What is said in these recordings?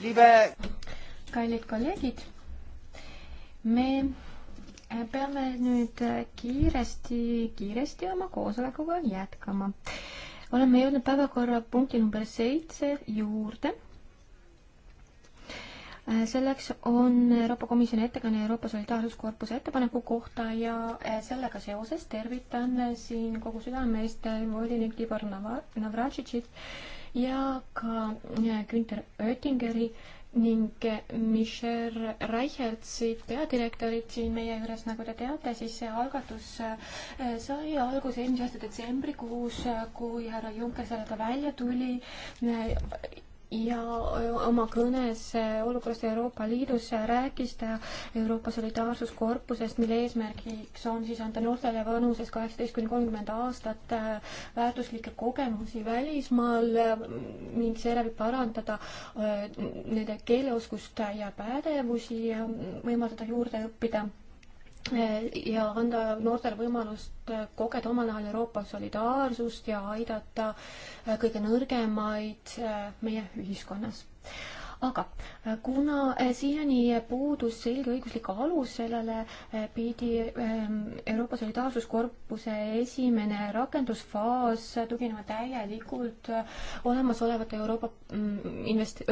liebe... kallid kolleegid, me peame nüüd kiiresti, kiiresti oma koosolekuga jätkama. oleme jõudnud päevakorrapunkti number seitse juurde selleks on Euroopa Komisjoni ettekanne Euroopa Solidaarsuskorpuse ettepaneku kohta ja eh, sellega seoses tervitan siin kogu südamest volinik Tibor Navratšitšit ja ka äh, Günter Oettingeri ning äh, Michelle Reicheltsi peadirektorit siin meie juures, nagu te teate, siis see algatus äh, sai alguse eelmise aasta detsembrikuus, kui härra Juncker sellega välja tuli ja oma kõnes olukorrast Euroopa Liidus rääkis ta Euroopa Solidaarsuskorpusest, mille eesmärgiks on siis anda noortele vanuses kaheksateist kuni kolmkümmend aastat väärtuslikke kogemusi välismaal ning seeläbi parandada nende keeleoskust ja pädevusi ja võimaldada juurde õppida Äh, ja anda noortele võimalust äh, kogeda omal nahal Euroopa solidaarsust ja aidata äh, kõige nõrgemaid meie ühiskonnas. aga kuna siiani puudus selge õiguslik alus sellele, pidi ähm, Euroopa Solidaarsuskorpuse esimene rakendusfaas tuginema täielikult olemasolevate Euroopa mm, invest-,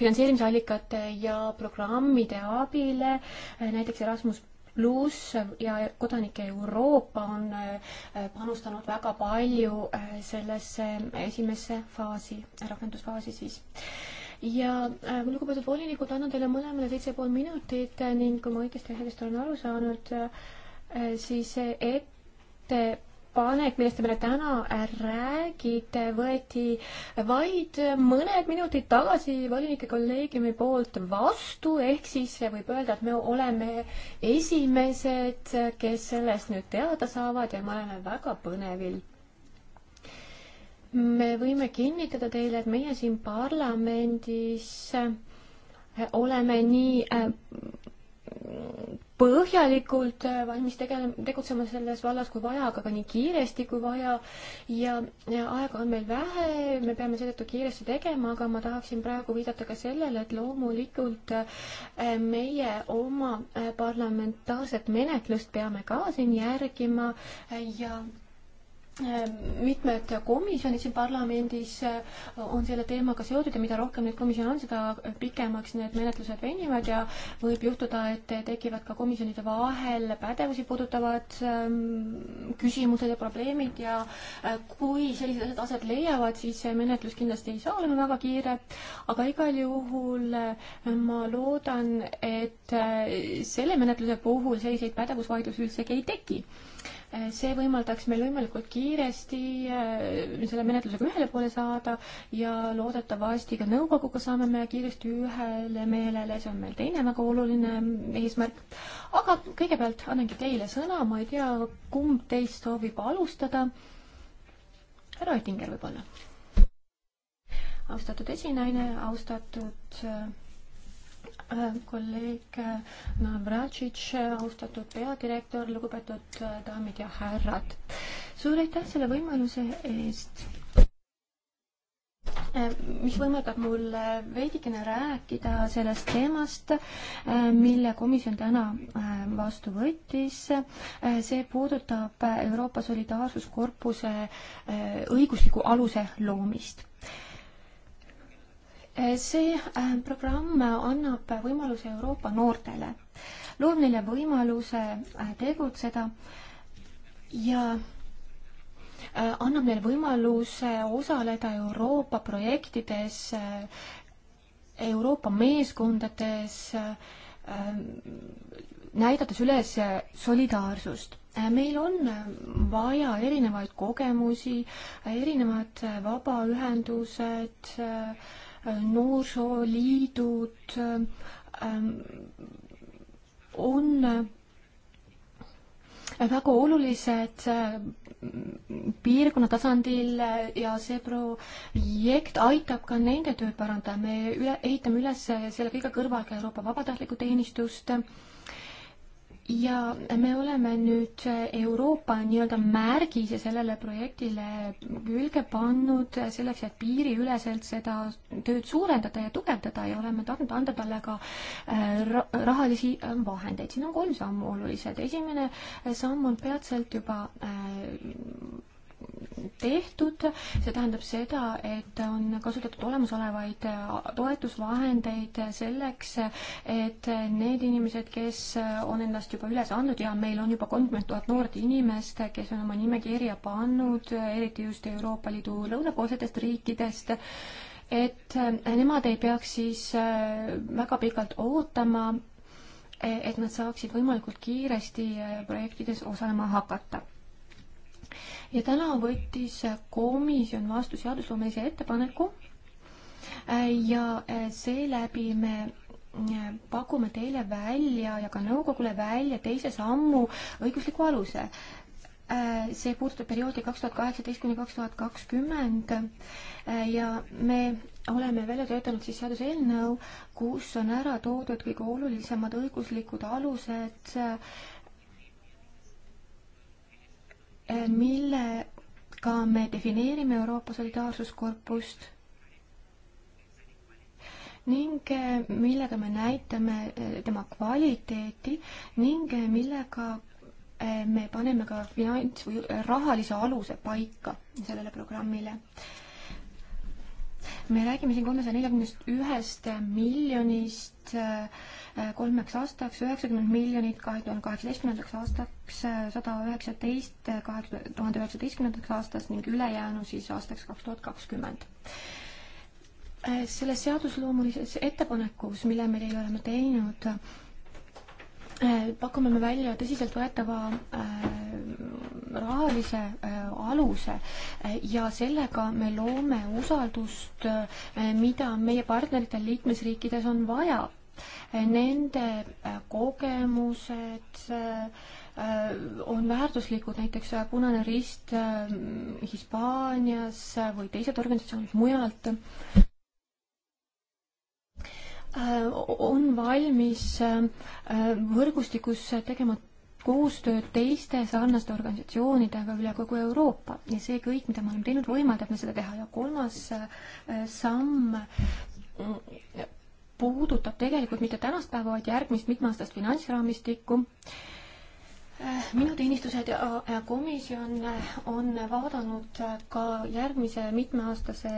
finantseerimisallikate ja programmide abile, näiteks Erasmus pluss ja kodanike Euroopa on äh, panustanud väga palju äh, sellesse esimesse faasi, rakendusfaasi siis ja äh, lugupeetud volinikud, annan teile mõlemale seitse pool minutit ning kui ma õigesti asjadest olen aru saanud äh,, siis ette panek, millest te meile täna räägite, võeti vaid mõned minutid tagasi volinike kolleegiumi poolt vastu, ehk siis võib öelda, et me oleme esimesed, kes sellest nüüd teada saavad ja me oleme väga põnevil me võime kinnitada teile, et meie siin parlamendis oleme nii äh, põhjalikult äh, valmis tegele-, tegutsema selles vallas, kui vaja, aga ka nii kiiresti, kui vaja. ja, ja aega on meil vähe, me peame seetõttu kiiresti tegema, aga ma tahaksin praegu viidata ka sellele, et loomulikult äh, meie oma äh, parlamentaarset menetlust peame ka siin järgima ja mitmed komisjonid siin parlamendis äh, on selle teemaga seotud ja mida rohkem neid komisjone on, seda pikemaks need menetlused venivad ja võib juhtuda, et tekivad ka komisjonide vahel pädevusi puudutavad ähm, küsimused ja probleemid ja äh, kui sellised asjad aset leiavad, siis see menetlus kindlasti ei saa olema väga kiire, aga igal juhul äh, ma loodan, et selle menetluse puhul selliseid pädevusvaidlusi üldsegi ei teki see võimaldaks meil võimalikult kiiresti äh, selle menetlusega ühele poole saada ja loodetavasti ka nõukoguga saame me kiiresti ühele meelele, see on meil teine väga oluline eesmärk. aga kõigepealt annangi teile sõna, ma ei tea, kumb teist soovib alustada. härra Oettinger võib-olla. austatud esinaine, austatud äh, kolleeg Navratšitš, austatud peadirektor, lugupeetud daamid ja härrad. suur aitäh selle võimaluse eest, mis võimaldab mul veidikene rääkida sellest teemast, mille komisjon täna äh, vastu võttis. see puudutab Euroopa Solidaarsuskorpuse äh, õigusliku aluse loomist see äh, programm annab võimaluse Euroopa noortele, loob neile võimaluse äh, tegutseda ja äh, annab neile võimaluse osaleda Euroopa projektides, Euroopa meeskondades, näidates üles solidaarsust meil on vaja erinevaid kogemusi, erinevad vabaühendused äh,, noorsooliidud ähm, on väga olulised ähm, piirkonna tasandil ja see projekt aitab ka nende tööd parandada. me üle, ehitame üles selle kõige kõrval ka Euroopa vabatahtlikku teenistust ja me oleme nüüd Euroopa nii-öelda märgise sellele projektile külge pannud selleks, et piiriüleselt seda tööd suurendada ja tugevdada ja oleme tahtnud anda talle ka äh, rahalisi äh, vahendeid. siin on kolm sammu olulised. esimene äh, samm on peatselt juba tehtud, see tähendab seda, et on kasutatud olemasolevaid äh, toetusvahendeid selleks, et need inimesed, kes on ennast juba üles andnud ja meil on juba kolmkümmend tuhat noort inimest, kes on oma nimekirja pannud, eriti just Euroopa Liidu lõunapoolsetest riikidest, et äh, nemad ei peaks siis äh, väga pikalt ootama, e, et nad saaksid võimalikult kiiresti projektides osalema hakata ja täna võttis komisjon vastu seadusloomelise ettepaneku äh, ja äh, seeläbi me äh, pakume teile välja ja ka nõukogule välja teise sammu õigusliku aluse. see puudutab perioodi kaks tuhat kaheksateist kuni kaks tuhat kakskümmend ja me oleme välja töötanud siis seaduseelnõu, kus on ära toodud kõige olulisemad õiguslikud alused äh, Eh, millega me defineerime Euroopa Solidaarsuskorpust ning eh, millega me näitame eh, tema kvaliteeti ning millega me paneme ka finants- või rahalise aluse paika sellele programmile me räägime siin kolmesaja neljakümnest ühest miljonist äh, kolmeks aastaks, üheksakümmend miljonit kahe tuhande kaheksateistkümnendaks aastaks, äh, sada üheksateist äh, kahe tuhande üheksateistkümnendaks aastaks ning ülejäänu siis aastaks kaks tuhat kakskümmend. selles seadusloomulises ettepanekus, mille me teile oleme teinud, pakume me välja tõsiseltvõetava rahalise äh, aluse äh, ja sellega me loome usaldust, äh, mida meie partneritel liikmesriikides on vaja. Nende kogemused on väärtuslikud, näiteks Punane Rist Hispaanias või teised organisatsioonid mujalt on valmis võrgustikus tegema koostööd teiste sarnaste organisatsioonidega üle kogu Euroopa ja see kõik, mida me oleme teinud, võimaldab meil seda teha ja kolmas äh, samm äh, puudutab tegelikult mitte tänast päeva, vaid järgmist mitmeaastast finantsraamistikku äh, minu teenistused ja komisjon on vaadanud ka järgmise mitmeaastase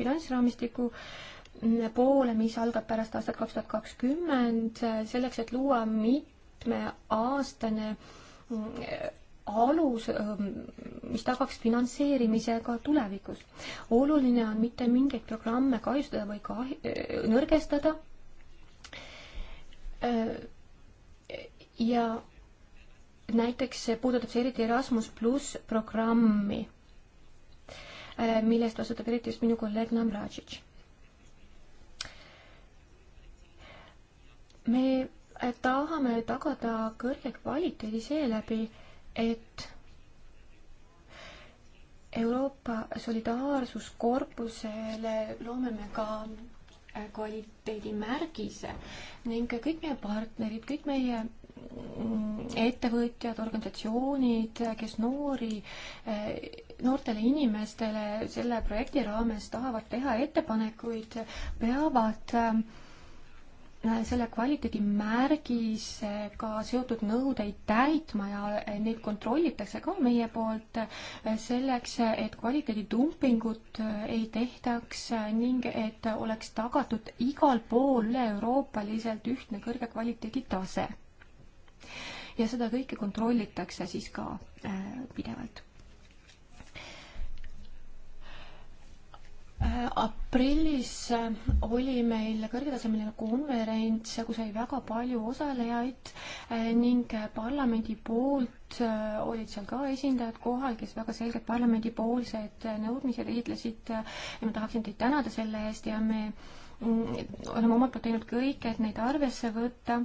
finantsraamistiku poole, mis algab pärast aastat kaks tuhat kakskümmend, selleks, et luua mit-, mitmeaastane mm, alus, mm, mis tagaks finantseerimise ka tulevikus. oluline on mitte mingeid programme kahjustada või kah-, nõrgestada. ja näiteks puudutab see eriti Erasmus pluss programmi, millest vastutab eriti just minu kolleeg Namratšitš. me tahame tagada kõrge kvaliteedi seeläbi, et Euroopa solidaarsuskorpusele loome me ka äh, kvaliteedimärgise ning kõik meie partnerid, kõik meie mm, ettevõtjad, organisatsioonid, kes noori, äh, noortele inimestele selle projekti raames tahavad teha ettepanekuid, peavad äh, Äh, selle kvaliteedimärgisega äh, seotud nõudeid täitma ja äh, neid kontrollitakse ka meie poolt selleks, et kvaliteedidumpingut ei tehtaks ning et oleks tagatud igal pool üle-euroopaliselt ühtne kõrge kvaliteeditase. ja seda kõike kontrollitakse siis ka pidevalt Äh, aprillis äh, oli meil kõrgetasemeline konverents, kus oli väga palju osalejaid äh, ning parlamendi poolt olid seal ka esindajad kohal, kes väga selgelt parlamendipoolsed nõudmised esitlesid ja ma tahaksin teid tänada selle eest ja me mm, oleme omalt poolt teinud kõik, et neid arvesse võtta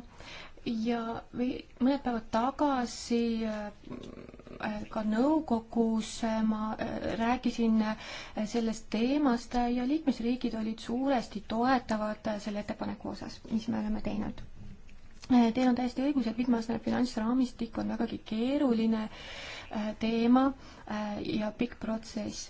ja mõned päevad tagasi äh, ka nõukogus äh, ma äh, rääkisin sellest teemast ja liikmesriigid olid suuresti toetavad selle ettepaneku osas, mis me oleme teinud. Teil on täiesti õigus, et mitmeaastane finantsraamistik on vägagi keeruline teema ja pikk protsess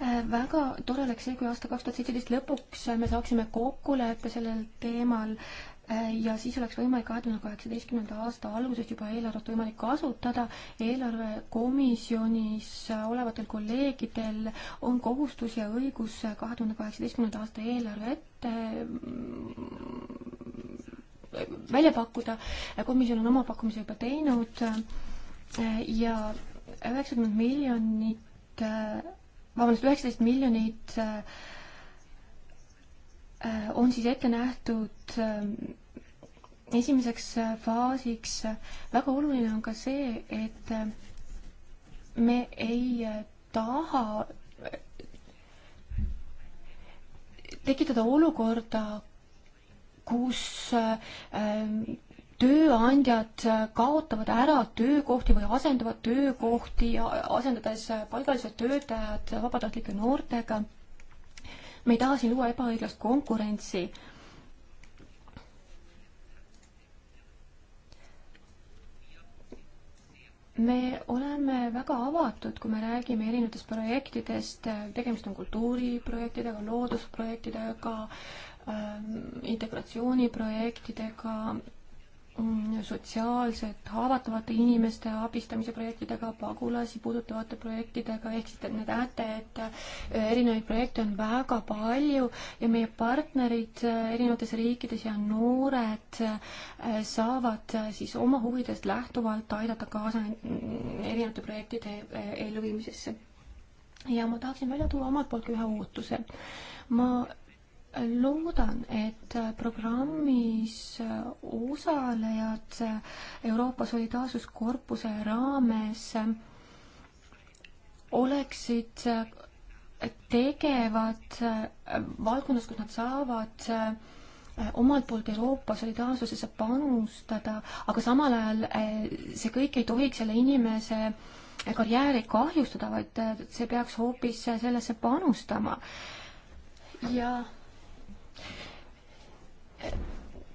Äh, väga tore oleks see, kui aasta kaks tuhat seitseteist lõpuks me saaksime kokkuleppe sellel teemal äh, ja siis oleks võimalik kahe tuhande kaheksateistkümnenda aasta algusest juba eelarvet võimalik kasutada. eelarvekomisjonis olevatel kolleegidel on kohustus ja õigus kahe tuhande kaheksateistkümnenda aasta eelarve ette mm, välja pakkuda. komisjon on oma pakkumise juba teinud äh, ja üheksakümmend miljonit vabandust, üheksateist miljonit äh, on siis ette nähtud äh, esimeseks äh, faasiks. väga oluline on ka see, et me ei taha tekitada olukorda, kus tööandjad kaotavad ära töökohti või asendavad töökohti, asendades palgalised töötajad vabatahtlike noortega. me ei taha siin luua ebaõiglast konkurentsi. me oleme väga avatud, kui me räägime erinevatest projektidest, tegemist on kultuuriprojektidega, loodusprojektidega, ähm, integratsiooniprojektidega Mm, sotsiaalselt haavatavate inimeste abistamise projektidega, pagulasi puudutavate projektidega, ehk siis te näete, et äh, erinevaid projekte on väga palju ja meie partnerid äh, erinevates riikides ja noored äh, saavad siis oma huvidest lähtuvalt aidata kaasa mm, erinevate projektide elluviimisesse. ja ma tahaksin välja tuua omalt poolt ka ühe ootuse. ma loodan, et programmis osalejad Euroopa Solidaarsuskorpuse raames oleksid tegevad valdkonnas, kus nad saavad omalt poolt Euroopa solidaarsusesse panustada, aga samal ajal eh, see kõik ei tohiks selle inimese karjääri kahjustada, vaid eh, see peaks hoopis sellesse panustama. ja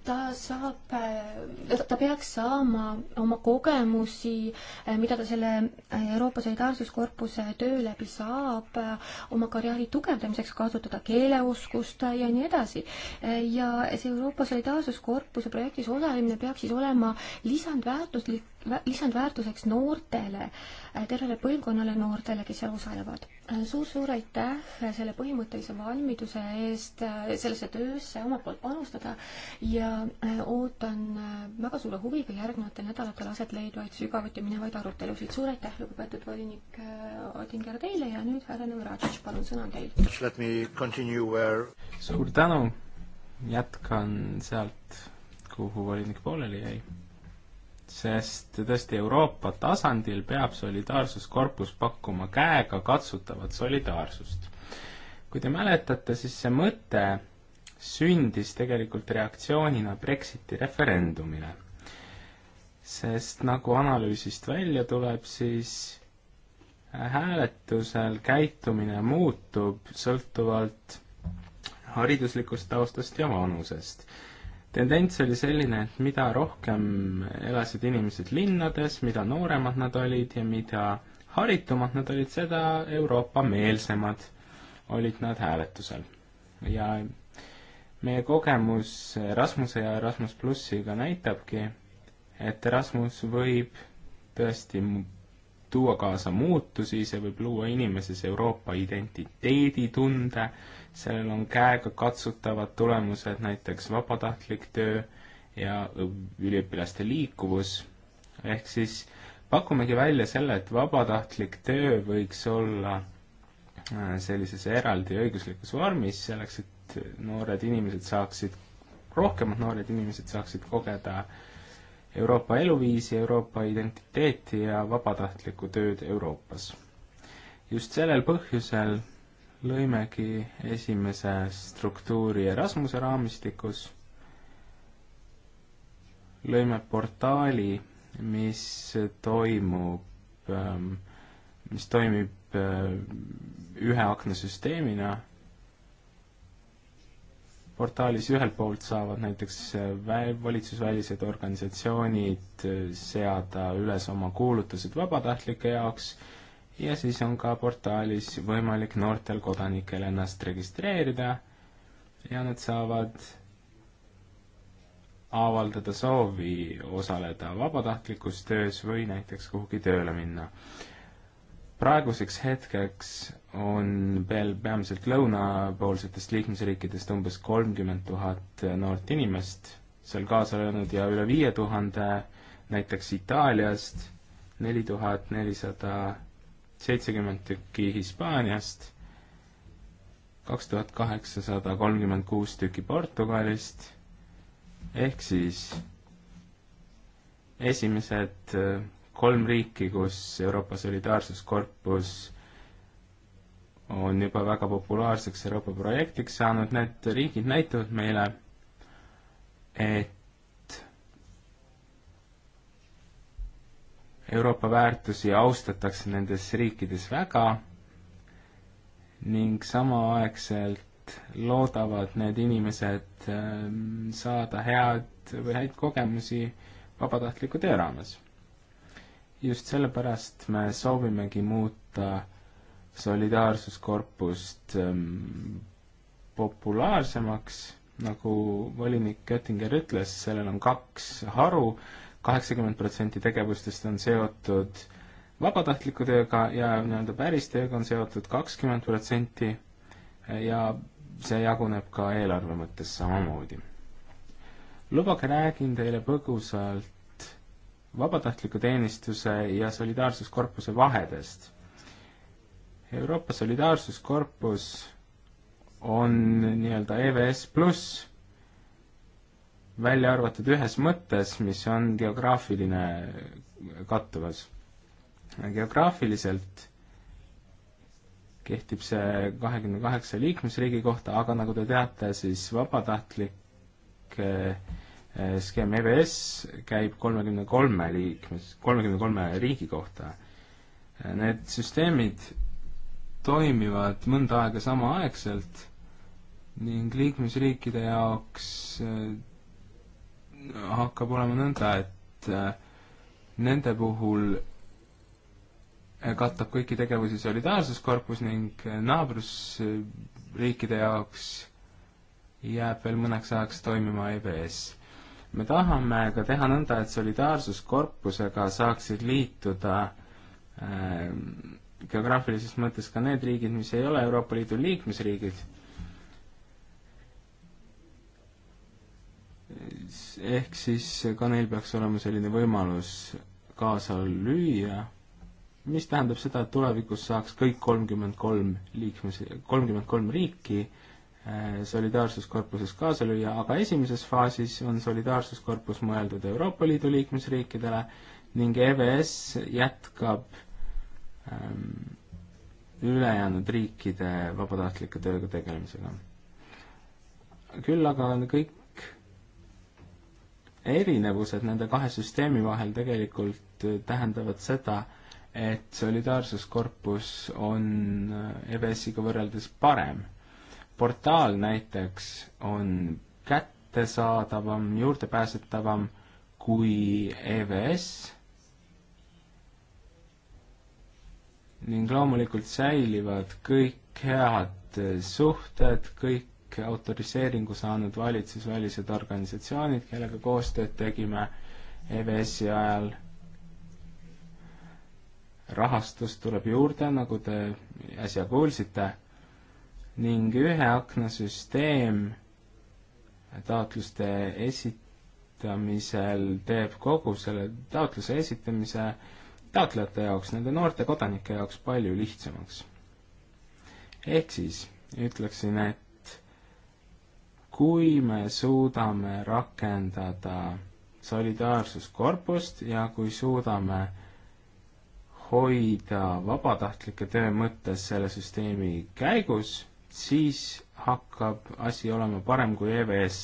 ta saab, äh, ta peaks saama oma kogemusi, äh, mida ta selle äh, Euroopa Solidaarsuskorpuse töö läbi saab, oma karjääri tugevdamiseks kasutada, keeleoskust ja nii edasi. ja see Euroopa Solidaarsuskorpuse projektis osalemine peaks siis olema lisandväärtuslik lisandväärtuseks noortele, äh, tervele põlvkonnale noortele, kes seal osalevad suur,. Äh, suur-suur aitäh selle põhimõttelise valmiduse eest äh, sellesse töösse omalt poolt panustada ja ootan väga suure huviga järgnevatel nädalatel aset leidvaid sügavuti minevaid arutelusid. suur aitäh, lugupeetud volinik Odinger teile ja nüüd härra Nõmmeraadžitš, palun, sõna on teil. Where... suur tänu, jätkan sealt, kuhu volinik pooleli jäi sest tõesti Euroopa tasandil peab solidaarsuskorpus pakkuma käega katsutavat solidaarsust. kui te mäletate, siis see mõte sündis tegelikult reaktsioonina Brexiti referendumile. sest nagu analüüsist välja tuleb, siis hääletusel käitumine muutub sõltuvalt hariduslikust taustast ja vanusest tendents oli selline, et mida rohkem elasid inimesed linnades, mida nooremad nad olid ja mida haritumad nad olid, seda Euroopa-meelsemad olid nad hääletusel. ja meie kogemus Rasmuse ja Rasmus Plussiga näitabki, et Rasmus võib tõesti tuua kaasa muutusi, see võib luua inimeses Euroopa identiteeditunde, sellel on käegakatsutavad tulemused, näiteks vabatahtlik töö ja üliõpilaste liikuvus, ehk siis pakumegi välja selle, et vabatahtlik töö võiks olla äh, sellises eraldi õiguslikus vormis, selleks et noored inimesed saaksid, rohkemad noored inimesed saaksid kogeda Euroopa eluviisi, Euroopa identiteeti ja vabatahtlikku tööd Euroopas. just sellel põhjusel lõimegi esimese struktuuri Erasmuse raamistikus, lõime portaali, mis toimub, ähm, mis toimib äh, ühe akna süsteemina, portaalis ühelt poolt saavad näiteks äh, vä-, valitsusvälised organisatsioonid äh, seada üles oma kuulutused vabatahtlike jaoks, ja siis on ka portaalis võimalik noortel kodanikel ennast registreerida ja nad saavad avaldada soovi osaleda vabatahtlikus töös või näiteks kuhugi tööle minna. praeguseks hetkeks on veel peamiselt lõunapoolsetest liikmesriikidest umbes kolmkümmend tuhat noort inimest seal kaasa löönud ja üle viie tuhande näiteks Itaaliast neli tuhat nelisada seitsekümmend tükki Hispaaniast, kaks tuhat kaheksasada kolmkümmend kuus tükki Portugalist, ehk siis esimesed äh, kolm riiki, kus Euroopa Solidaarsuskorpus on juba väga populaarseks Euroopa projektiks saanud, need riigid näitavad meile, et Euroopa väärtusi austatakse nendes riikides väga ning samaaegselt loodavad need inimesed ähm, saada head või häid kogemusi vabatahtliku töö raames. just sellepärast me soovimegi muuta solidaarsuskorpust ähm, populaarsemaks, nagu volinik Göttinger ütles, sellel on kaks haru, kaheksakümmend protsenti tegevustest on seotud vabatahtliku tööga ja nii-öelda päris tööga on seotud kakskümmend protsenti ja see jaguneb ka eelarve mõttes samamoodi. lubage, räägin teile põgusalt vabatahtliku teenistuse ja solidaarsuskorpuse vahedest. Euroopa Solidaarsuskorpus on nii-öelda EVS pluss välja arvatud ühes mõttes, mis on geograafiline kattuvus. geograafiliselt kehtib see kahekümne kaheksa liikmesriigi kohta, aga nagu te teate, siis vabatahtlik eh, skeem EBS käib kolmekümne kolme liikmes, kolmekümne kolme riigi kohta. Need süsteemid toimivad mõnda aega samaaegselt ning liikmesriikide jaoks eh, hakkab olema nõnda, et äh, nende puhul äh, katab kõiki tegevusi solidaarsuskorpus ning äh, naabrusriikide jaoks jääb veel mõneks ajaks toimima EBS. me tahame ka teha nõnda, et solidaarsuskorpusega saaksid liituda äh, geograafilises mõttes ka need riigid, mis ei ole Euroopa Liidu liikmesriigid ehk siis ka neil peaks olema selline võimalus kaasa lüüa, mis tähendab seda, et tulevikus saaks kõik kolmkümmend kolm liikmes, kolmkümmend kolm riiki eh, solidaarsuskorpuses kaasa lüüa, aga esimeses faasis on solidaarsuskorpus mõeldud Euroopa Liidu liikmesriikidele ning EVS jätkab ähm, ülejäänud riikide vabatahtlike tööga tegelemisega. küll aga kõik erinevused nende kahe süsteemi vahel tegelikult eh, tähendavad seda, et solidaarsuskorpus on eh, EBS-iga võrreldes parem. portaal näiteks on kättesaadavam, juurdepääsetavam kui EBS ning loomulikult säilivad kõik head eh, suhted, kõik kõik autoriseeringu saanud valitsusvälised organisatsioonid, kellega koostööd tegime EVS-i ajal. rahastust tuleb juurde, nagu te äsja kuulsite, ning ühe akna süsteem taotluste esitamisel teeb kogu selle taotluse esitamise taotlejate jaoks, nende noorte kodanike jaoks palju lihtsamaks. ehk siis ütleksin, et kui me suudame rakendada solidaarsuskorpust ja kui suudame hoida vabatahtlike töö mõttes selle süsteemi käigus, siis hakkab asi olema parem kui EVS.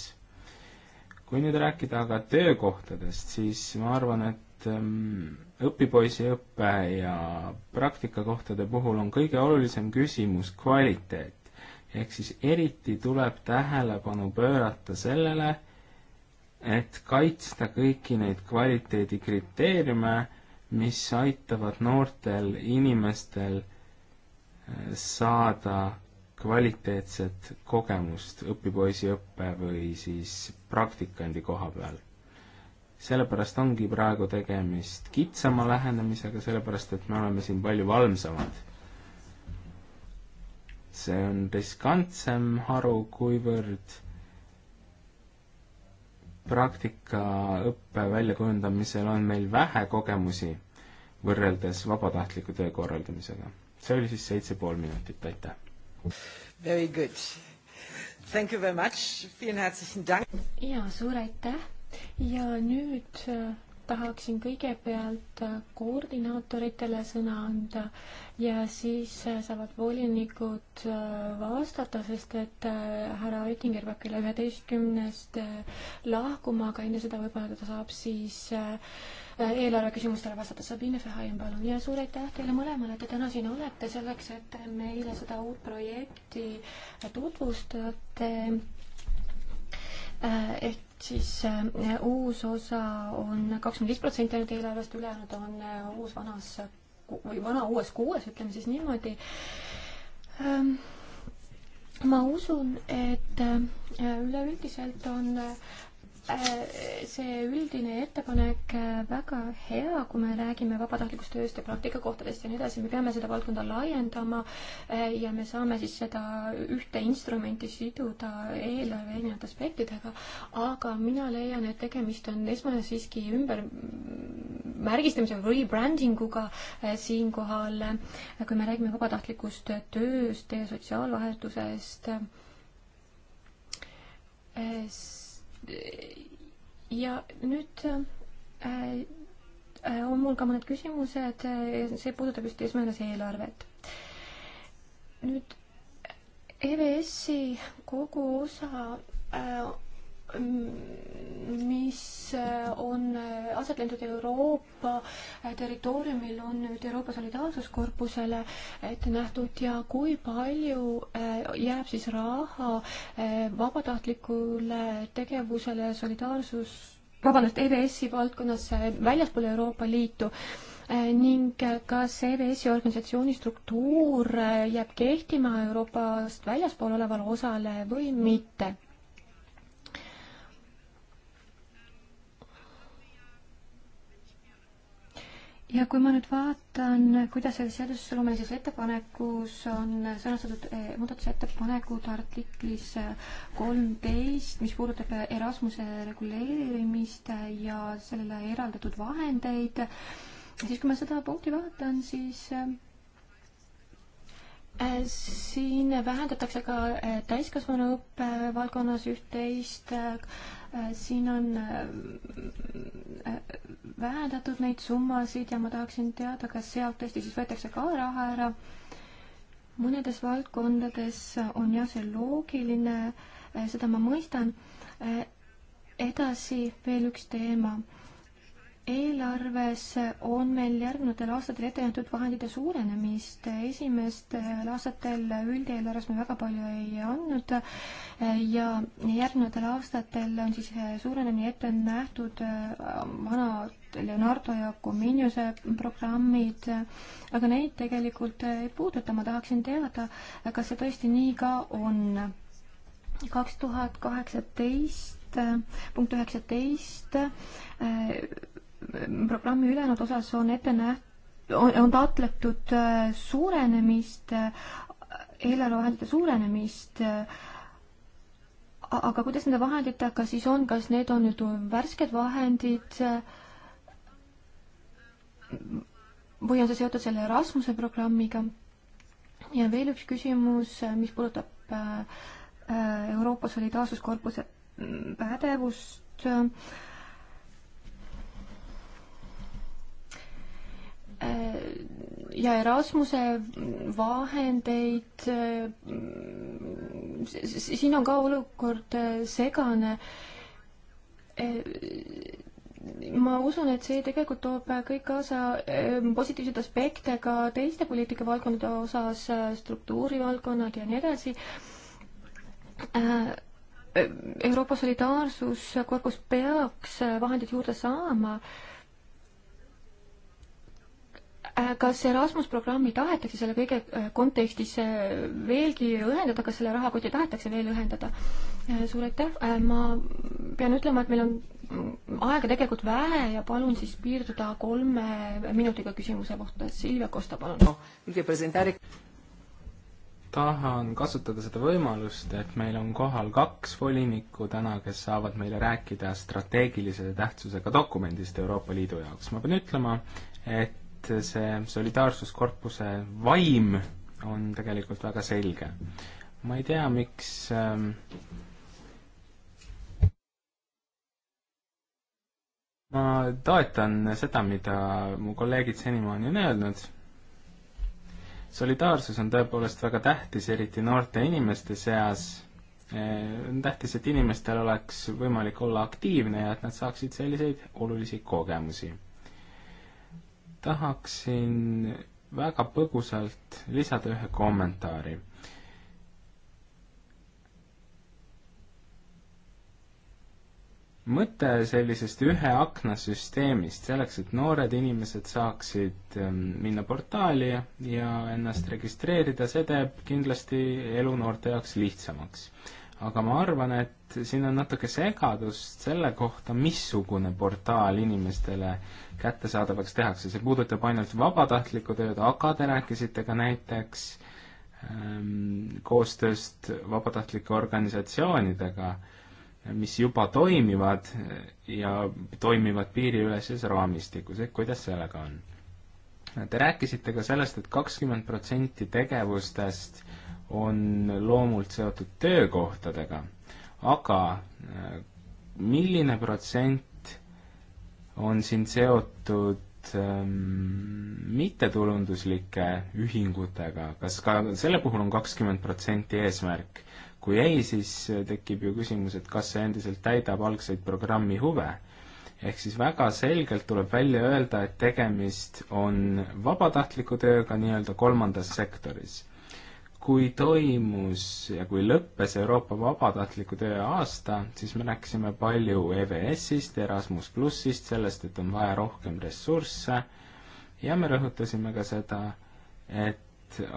kui nüüd rääkida aga töökohtadest, siis ma arvan, et ähm, õpipoisiõppe ja praktikakohtade puhul on kõige olulisem küsimus kvaliteet ehk siis eriti tuleb tähelepanu pöörata sellele, et kaitsta kõiki neid kvaliteedikriteeriume, mis aitavad noortel inimestel äh, saada kvaliteetset kogemust õpipoisiõppe või siis praktikandi koha peal. sellepärast ongi praegu tegemist kitsama lähenemisega, sellepärast et me oleme siin palju valvsamad see on riskantsem haru, kuivõrd praktikaõppe väljakujundamisel on meil vähe kogemusi võrreldes vabatahtliku töö korraldamisega. see oli siis seitse pool minutit, aitäh! Very good. Thank you very much, vielen herzlichen Dank! jaa, suur aitäh ja nüüd äh, tahaksin kõigepealt koordinaatoritele sõna anda ja siis saavad volinikud äh, vastata, sest et äh, härra Oettinger peab kella üheteistkümnest äh, lahkuma, aga enne seda võib-olla ta saab siis eelarve küsimustele vastata. Sabine Fehaien, palun. ja suur aitäh teile mõlemale, et te täna siin olete, selleks et meile seda uut projekti tutvustate ehk siis äh, uus osa on kakskümmend viis protsenti ainult eelarvest, ülejäänud on äh, uus vanas või vana uues kuues, ütleme siis niimoodi. Ähm, ma usun, et äh, üleüldiselt on Äh, see üldine ettepanek äh, väga hea, kui me räägime vabatahtlikust tööst ja praktikakohtadest ja nii edasi, me peame seda valdkonda laiendama äh, ja me saame siis seda ühte instrumenti siduda eelarve erinevate aspektidega, aga mina leian, et tegemist on esmane siiski ümbermärgistamise või rebranding uga siinkohal, kui me räägime vabatahtlikust tööst ja sotsiaalvahetusest, ja nüüd äh, äh, on mul ka mõned küsimused, äh, see puudutab just esmajoones eelarvet. nüüd EVS-i kogu osa mis äh, on äh, aset leidnud Euroopa äh, territooriumil, on nüüd Euroopa Solidaarsuskorpusele ette nähtud ja kui palju jääb siis raha vabatahtlikule tegevusele solidaarsus, vabandust, EBS-i valdkonnas väljaspool Euroopa Liitu ning kas EBS-i organisatsiooni struktuur jääb kehtima Euroopast väljaspool olevale osale või mitte? ja kui ma nüüd vaatan, kuidas selles seadusloomelises ettepanekus on sõnastatud eh, muudatusettepanekud artiklis kolmteist, mis puudutab Erasmuse reguleerimist ja sellele eraldatud vahendeid, siis kui ma seda punkti vaatan, siis eh, siin vähendatakse ka eh, täiskasvanuõppe valdkonnas üht-teist Äh, siin on äh, äh, vähendatud neid summasid ja ma tahaksin teada, kas sealt tõesti siis võetakse ka raha ära. mõnedes valdkondades on jah, see loogiline, seda ma mõistan. edasi veel üks teema eelarves on meil järgnevatel aastatel ette nähtud vahendite suurenemist. esimestel aastatel üldeelarves me väga palju ei andnud ja järgnevatel aastatel on siis suurenemine ette nähtud äh, vana Leonardo ja Comeniuse programmid, aga neid tegelikult ei puuduta. ma tahaksin teada, kas see tõesti nii ka on. kaks tuhat kaheksateist punkt üheksateist äh, programmi ülejäänud osas on ette näht-, on, on taotletud äh, suurenemist, äh, eelarvevahendite suurenemist, äh, aga kuidas nende vahenditega siis on, kas need on nüüd värsked vahendid või on see seotud selle Erasmuse programmiga? ja veel üks küsimus, mis puudutab Euroopa Solidaarsuskorpuse mm, pädevust äh, Äh, ja Erasmuse vahendeid, äh, siin on ka olukord äh, segane. ma usun, et see tegelikult toob kõik kaasa positiivseid aspekte ka teiste poliitikavaldkondade osas, struktuurivaldkonnad ja nii edasi Euroopa Solidaarsuskorpus peaks vahendid juurde saama Äh, kas Erasmus programmi tahetakse selle kõige äh, kontekstis äh, veelgi ühendada, kas selle rahakotti tahetakse veel ühendada? suur aitäh, ma pean ütlema, et meil on mm, aega tegelikult vähe ja palun siis piirduda kolme minutiga küsimuse kohta. Silvia Kosta, palun no,. tahan kasutada seda võimalust, et meil on kohal kaks volinikku täna, kes saavad meile rääkida strateegilise tähtsusega dokumendist Euroopa Liidu jaoks. ma pean ütlema, et et see solidaarsuskorpuse vaim on tegelikult väga selge. ma ei tea, miks ähm, ma toetan seda, mida mu kolleegid senimaani on öelnud, solidaarsus on tõepoolest väga tähtis, eriti noorte inimeste seas, äh, on tähtis, et inimestel oleks võimalik olla aktiivne ja et nad saaksid selliseid olulisi kogemusi tahaksin väga põgusalt lisada ühe kommentaari. mõte sellisest ühe akna süsteemist, selleks et noored inimesed saaksid ähm, minna portaali ja ennast registreerida, see teeb kindlasti elu noorte jaoks lihtsamaks aga ma arvan, et siin on natuke segadust selle kohta, missugune portaal inimestele kättesaadavaks tehakse, see puudutab ainult vabatahtlikku tööd, aga te rääkisite ka näiteks ähm, koostööst vabatahtlike organisatsioonidega, mis juba toimivad ja toimivad piiriüleses raamistikus, et kuidas sellega on? Te rääkisite ka sellest et, et kakskümmend protsenti tegevustest on loomult seotud töökohtadega, aga äh, milline protsent on siin seotud ähm, mittetulunduslike ühingutega, kas ka selle puhul on kakskümmend protsenti eesmärk? kui ei, siis äh, tekib ju küsimus, et kas see endiselt täidab algseid programmi huve ehk siis väga selgelt tuleb välja öelda, et tegemist on vabatahtliku tööga nii-öelda kolmandas sektoris kui toimus ja kui lõppes Euroopa vabatahtliku töö aasta, siis me rääkisime palju EVS-ist, Erasmus plussist, sellest, et on vaja rohkem ressursse ja me rõhutasime ka seda, et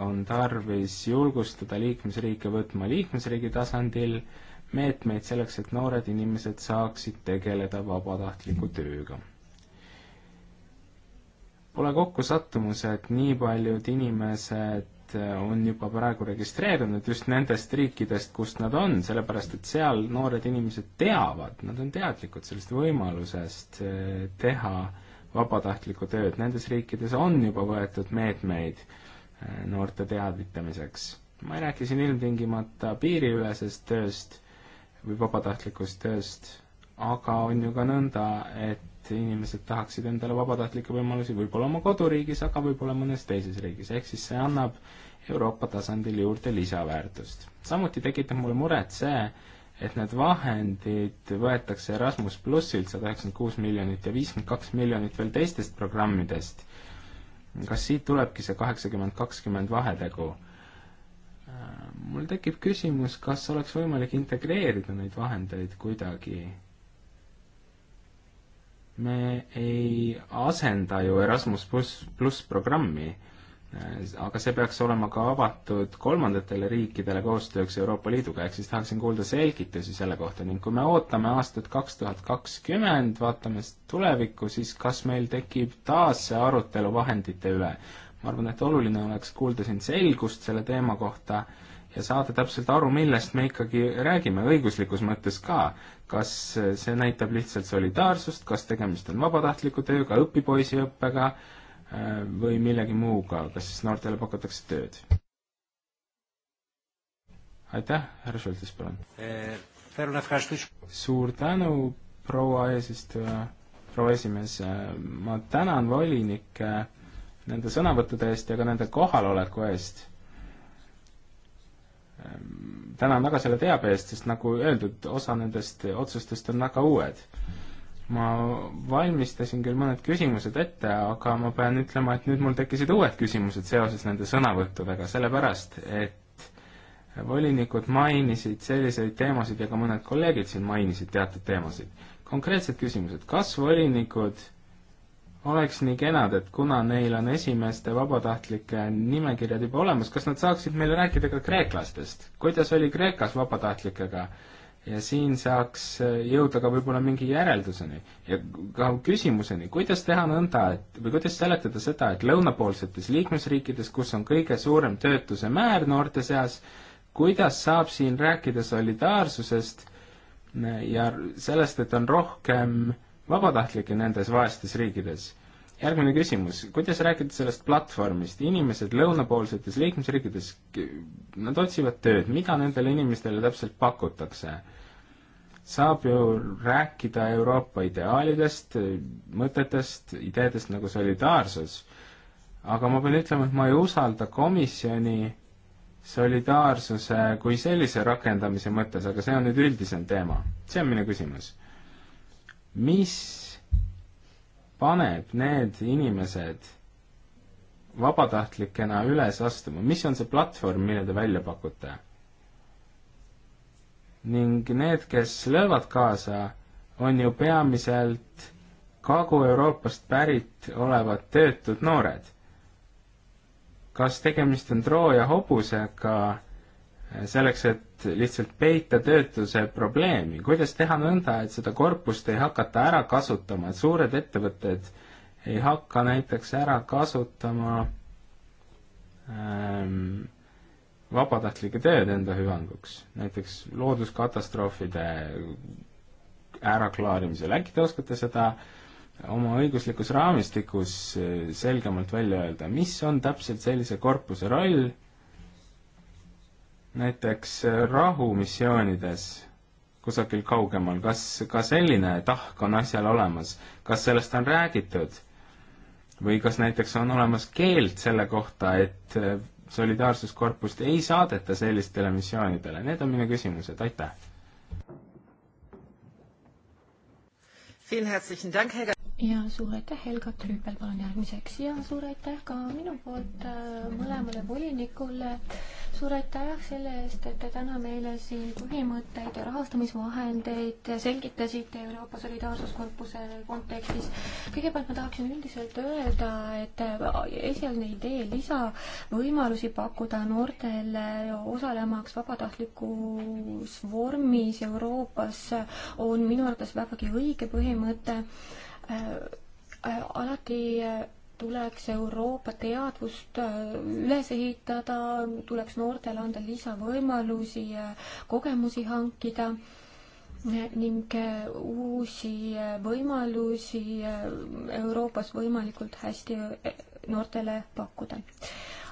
on tarvis julgustada liikmesriike võtma liikmesriigi tasandil meetmeid selleks, et noored inimesed saaksid tegeleda vabatahtliku tööga Pole kokkusattumus, et nii paljud inimesed Äh, on juba praegu registreerunud just nendest riikidest, kust nad on, sellepärast et seal noored inimesed teavad, nad on teadlikud sellest võimalusest äh, teha vabatahtlikku tööd, nendes riikides on juba võetud meetmeid äh, noorte teadvitamiseks. ma ei räägi siin ilmtingimata piiriülesest tööst või vabatahtlikust tööst, aga on ju ka nõnda, et inimesed tahaksid endale vabatahtlikke võimalusi võib-olla oma koduriigis, aga võib-olla mõnes teises riigis, ehk siis see annab Euroopa tasandil juurde lisaväärtust. samuti tekitab mulle muret see, et need vahendid võetakse Erasmus plussilt sada üheksakümmend kuus miljonit ja viiskümmend kaks miljonit veel teistest programmidest. kas siit tulebki see kaheksakümmend kakskümmend vahetegu? Äh, mul tekib küsimus, kas oleks võimalik integreerida neid vahendeid kuidagi me ei asenda ju Erasmus pluss, pluss programmi, aga see peaks olema ka avatud kolmandatele riikidele koostööks Euroopa Liiduga, ehk siis tahaksin kuulda selgitusi selle kohta ning kui me ootame aastat kaks tuhat kakskümmend, vaatame tulevikku, siis kas meil tekib taas see arutelu vahendite üle? ma arvan, et oluline oleks kuulda siin selgust selle teema kohta äh, ja saada täpselt aru, millest me ikkagi räägime, õiguslikus mõttes ka. kas see näitab lihtsalt solidaarsust, kas tegemist on vabatahtliku tööga, õpipoisiõppega äh, või millegi muuga, kas siis noortele pakutakse tööd? aitäh, härra Šoltis, palun. suur tänu, proua eesistuja, proua esimees, ma tänan volinikke nende sõnavõttude eest ja ka nende kohaloleku eest tänan väga selle teabe eest, sest nagu öeldud, osa nendest otsustest on väga uued. ma valmistasin küll mõned küsimused ette, aga ma pean ütlema, et nüüd mul tekkisid uued küsimused seoses nende sõnavõttudega, sellepärast et volinikud mainisid selliseid teemasid ja ka mõned kolleegid siin mainisid teatud teemasid. konkreetsed küsimused, kas volinikud oleks nii kenad, et kuna neil on esimeste vabatahtlike nimekirjad juba olemas, kas nad saaksid meile rääkida ka kreeklastest? kuidas oli Kreekas vabatahtlikega? ja siin saaks äh, jõuda ka võib-olla mingi järelduseni ja ka küsimuseni, kuidas teha nõnda, et või kuidas seletada seda, et lõunapoolsetes liikmesriikides, kus on kõige suurem töötuse määr noorte seas, kuidas saab siin rääkida solidaarsusest äh, ja sellest, et on rohkem äh, vabatahtlikke nendes vaestes riikides. järgmine küsimus, kuidas rääkida sellest platvormist, inimesed lõunapoolsetes liikmesriikides, nad otsivad tööd, mida nendele inimestele täpselt pakutakse? saab ju rääkida Euroopa ideaalidest, mõtetest, ideedest nagu solidaarsus, aga ma pean ütlema, et ma ei usalda komisjoni solidaarsuse kui sellise rakendamise mõttes, aga see on nüüd üldisem teema. see on minu küsimus mis paneb need inimesed vabatahtlikena üles astuma, mis on see platvorm, mille te välja pakute? ning need, kes löövad kaasa, on ju peamiselt Kagu-Euroopast pärit olevad töötud noored. kas tegemist on Trooja hobusega ka selleks, et lihtsalt peita töötuse probleemi, kuidas teha nõnda, et seda korpust ei hakata ära kasutama, et suured ettevõtted ei hakka näiteks ära kasutama ähm, vabatahtlikke tööd enda hüvanguks, näiteks looduskatastroofide äraklaarimisel, äkki te oskate seda oma õiguslikus raamistikus äh, selgemalt välja öelda, mis on täpselt sellise korpuse roll näiteks äh, rahumissioonides kusagil kaugemal, kas ka selline tahk on asjal olemas, kas sellest on räägitud või kas näiteks on olemas keeld selle kohta, et äh, solidaarsuskorpust ei saadeta sellistele missioonidele, need on minu küsimused, aitäh ja suur aitäh, Helga Trüüpel, palun järgmiseks ja suur aitäh ka minu poolt äh, mõlemale volinikule. suur aitäh selle eest, et te täna meile siin põhimõtteid ja rahastamisvahendeid selgitasite Euroopa Solidaarsuskorpuse kontekstis. kõigepealt ma tahaksin üldiselt öelda, et esialgne idee lisavõimalusi pakkuda noortele osalemaks vabatahtlikus vormis Euroopas on minu arvates vägagi õige põhimõte Äh, äh, alati äh, tuleks Euroopa teadvust üles ehitada, tuleks noortele anda lisavõimalusi, kogemusi hankida ning uusi võimalusi Euroopas võimalikult hästi noortele pakkuda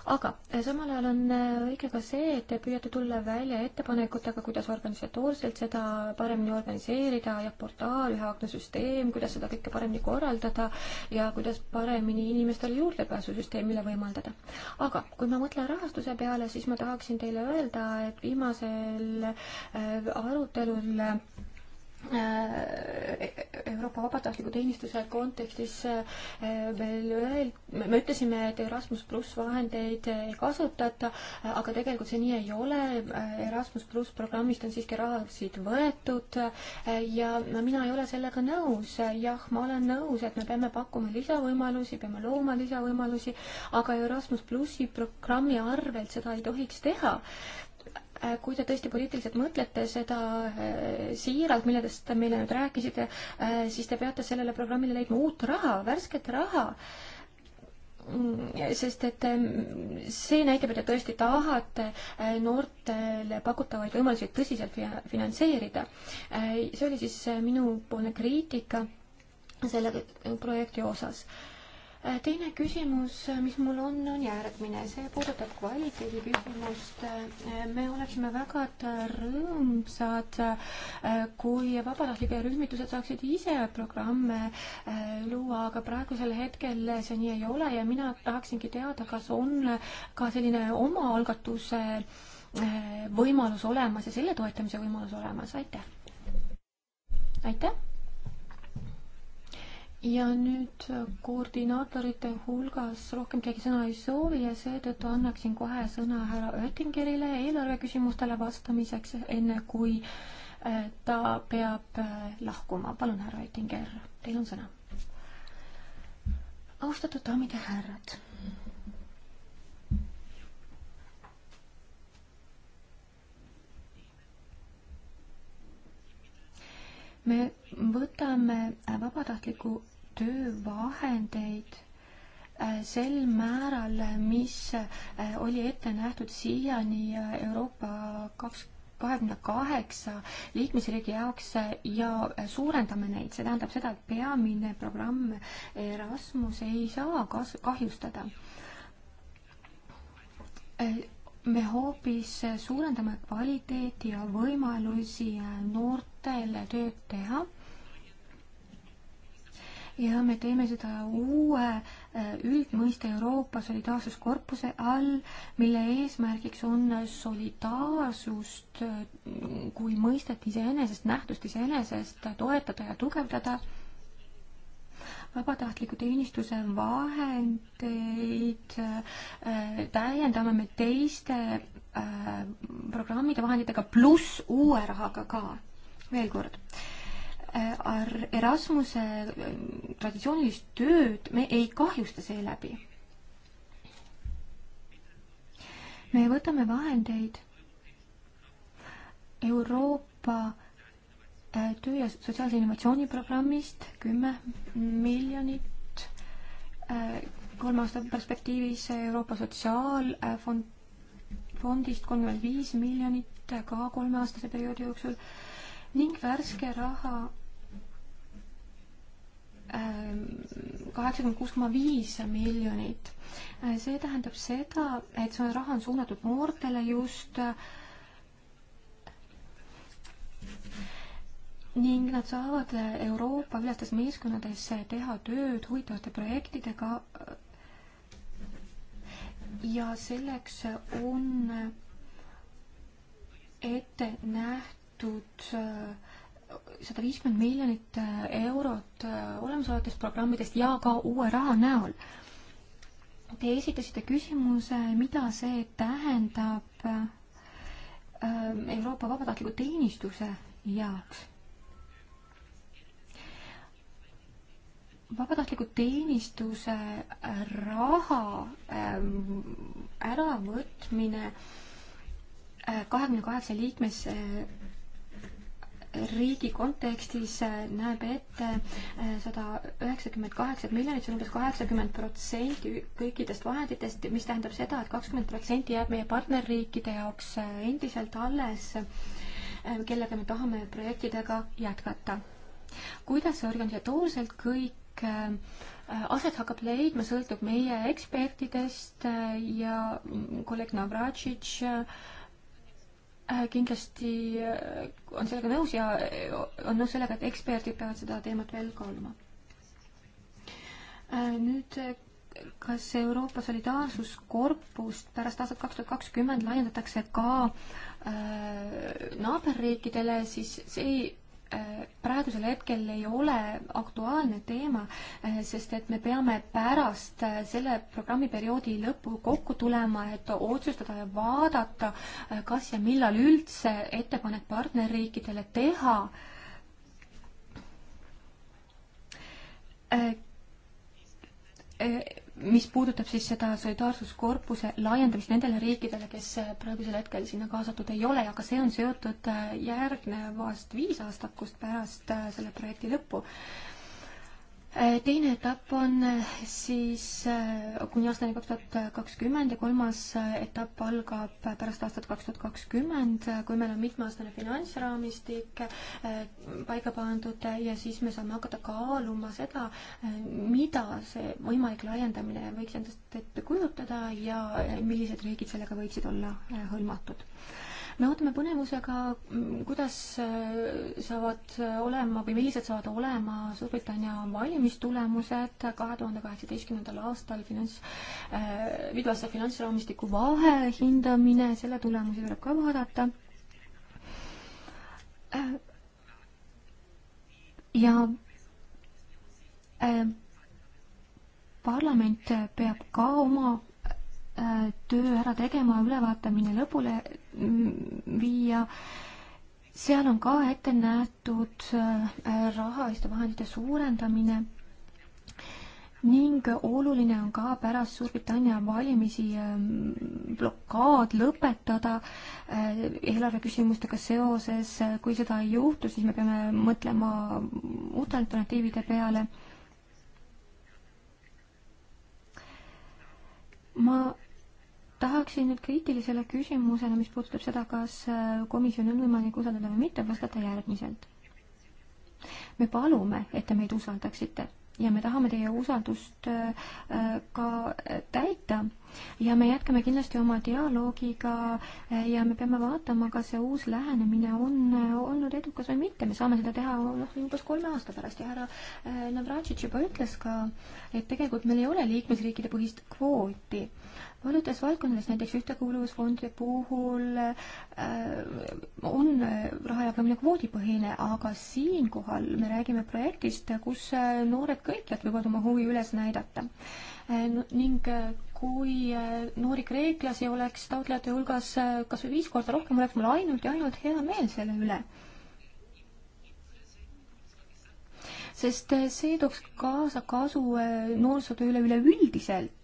aga eh, samal ajal on eh, õige ka see, et te püüate tulla välja ettepanekutega, kuidas organisatoorselt seda paremini organiseerida, jah, portaal, ühe akna süsteem, kuidas seda kõike paremini korraldada ja kuidas paremini inimestele juurdepääsu süsteemile võimaldada. aga kui ma mõtlen rahastuse peale, siis ma tahaksin teile öelda, et viimasel eh, arutelul Euroopa Vabatahtliku Teenistuse kontekstis meil äh, ühel, me ütlesime, et Erasmus pluss vahendeid ei kasutata, äh, aga tegelikult see nii ei ole. Äh, Erasmus pluss programmist on siiski rahasid võetud ja mina ei ole sellega nõus. jah, ma olen nõus, et me peame pakkuma lisavõimalusi, peame looma lisavõimalusi, aga Erasmus plussi programmi arvelt seda ei tohiks teha Äh, kui te tõesti poliitiliselt mõtlete seda äh, siiralt, millest te meile nüüd rääkisite, äh, siis te peate sellele programmile leidma uut raha, värsket raha mm, sest et ähm, see näitab, et te tõesti tahate noortele pakutavaid võimalusi tõsiselt finantseerida. see oli siis minupoolne kriitika selle projekti osas Äh, teine küsimus, äh, mis mul on, on järgmine, see puudutab kvaliteedi küsimust. Äh, me oleksime väga rõõmsad, kui vabatahtlike rühmitused saaksid ise programme luua, aga praegusel hetkel see nii ei ole ja mina tahaksingi teada, kas on ka selline omaalgatuse võimalus olemas ja selle toetamise võimalus olemas, aitäh! aitäh! ja nüüd äh, koordinaatorite hulgas rohkem keegi sõna ei soovi ja seetõttu annaksin kohe sõna härra Oettingerile eelarve küsimustele vastamiseks, enne kui äh, ta peab äh, lahkuma. palun, härra Oettinger, teil on sõna. austatud daamid ja härrad me võtame vabatahtliku töövahendeid äh, sel määral, mis äh, oli ette nähtud siiani Euroopa kaks kahekümne kaheksa liikmesriigi jaoks äh, ja suurendame neid, see tähendab seda, et peamine programm Erasmus ei saa kas-, kahjustada. me hoopis suurendame kvaliteeti ja võimalusi noortele tööd teha ja me teeme seda uue äh, üldmõiste Euroopa solidaarsuskorpuse all, mille eesmärgiks on solidaarsust äh, kui mõistet iseenesest, nähtust iseenesest toetada ja tugevdada vabatahtliku teenistuse vahendeid äh, täiendame me teiste äh, programmide vahenditega pluss uue rahaga ka. veel kord äh,, Erasmuse äh, traditsioonilist tööd me ei kahjusta seeläbi. me võtame vahendeid Euroopa äh, töö- ja sotsiaalse innovatsiooni programmist kümme miljonit äh, kolme aasta perspektiivis Euroopa Sotsiaalfond, fondist kolmkümmend viis miljonit ka kolmeaastase perioodi jooksul ning värske raha Äh, kaheksakümmend kuus koma viis miljonit. Äh, see tähendab seda, et see raha on suunatud noortele just äh, ning nad saavad Euroopa ülestes meeskonnades teha tööd huvitavate projektidega. ja selleks on ette nähtud äh, sada viiskümmend miljonit äh, eurot äh, olemasolevatest programmidest ja ka uue raha näol. Te esitasite küsimuse, mida see tähendab äh, Euroopa vabatahtliku teenistuse jaoks. vabatahtliku teenistuse raha ähm, äravõtmine kahekümne kaheksa liikmes riigi kontekstis äh, näeb ette äh, sada üheksakümmend kaheksa miljonit, see on umbes kaheksakümmend protsenti kõikidest vahenditest, mis tähendab seda et, et kakskümmend protsenti jääb meie partnerriikide jaoks äh, endiselt alles, kellega me tahame projektidega jätkata. kuidas see organisatoorselt kõik aset hakkab leidma, sõltub meie ekspertidest ja kolleeg Navratšitš Äh, kindlasti äh, on sellega nõus ja äh, on nõus sellega, et eksperdid peavad seda teemat veel kaaluma. nüüd, kas Euroopa Solidaarsuskorpust pärast aastat kaks tuhat kakskümmend laiendatakse ka äh, naaberriikidele, siis see ei praegusel hetkel ei ole aktuaalne teema, eh, sest et me peame pärast eh, selle programmiperioodi lõppu kokku tulema, et otsustada ja vaadata, eh, kas ja millal üldse ettepanek partnerriikidele teha mis puudutab siis seda solidaarsuskorpuse laiendamist nendele riikidele, kes praegusel hetkel sinna kaasatud ei ole, aga see on seotud äh, järgnevast viisaastakust pärast äh, selle projekti lõppu Äh, teine etapp on äh, siis äh, kuni aastani kaks tuhat kakskümmend ja kolmas etapp algab pärast aastat kaks tuhat kakskümmend, kui meil on mitmeaastane finantsraamistik paika pandud ja siis me saame hakata kaaluma seda, mida see võimalik laiendamine võiks endast ette kujutada ja millised riigid sellega võiksid olla hõlmatud me ootame põnevusega, kuidas äh, saavad äh, olema või millised saavad olema Suurbritannia valimistulemused kahe tuhande kaheksateistkümnendal aastal finants äh,, mitmeaastase finantsraamistiku vahehindamine, selle tulemusi tuleb ka vaadata äh,. ja äh, parlament peab ka oma töö ära tegema, ülevaatamine lõpule viia. seal on ka ette nähtud äh, rahaliste vahendite suurendamine ning oluline on ka pärast Suurbritannia valimisi ähm, blokaad lõpetada äh, eelarve küsimustega seoses. kui seda ei juhtu, siis me peame mõtlema uute alternatiivide peale. ma tahaksin nüüd kriitilisele küsimusele, mis puudutab seda, kas äh, komisjon on võimalik usaldada või mitte, vastata järgmiselt. me palume, et te meid usaldaksite ja me tahame teie usaldust äh, äh, ka täita ja me jätkame kindlasti oma dialoogiga ja me peame vaatama, kas see uus lähenemine on olnud edukas või mitte, me saame seda teha noh, umbes kolme aasta pärast ja härra Navratšitš juba ütles ka, et tegelikult meil ei ole liikmesriikide põhist kvooti paljudes valdkondades, näiteks ühtekuuluvusfondide puhul äh, on äh, raha jagamine kvoodipõhine, nagu aga siinkohal me räägime projektist, kus äh, noored kõikjalt võivad oma huvi üles näidata äh,. ning äh, kui noori kreeklasi oleks taotlejate hulgas kas või viis korda rohkem, oleks mul ainult ja ainult hea meel selle üle sest see tooks kaasa kasu noorsootööle üleüldiselt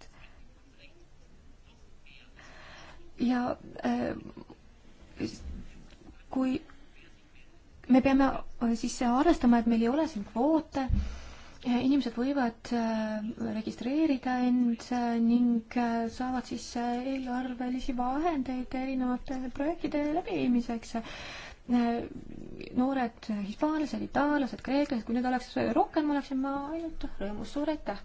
ja äh, kui me peame äh, siis arvestama, et meil ei ole siin kvoote, äh, inimesed võivad registreerida end ning saavad siis eelarvelisi vahendeid erinevate projektide läbiviimiseks. Äh, noored hispaanlased, itaallased, kreeklased, kui neid oleks rohkem, oleksin ma ainult rõõmus. suur aitäh!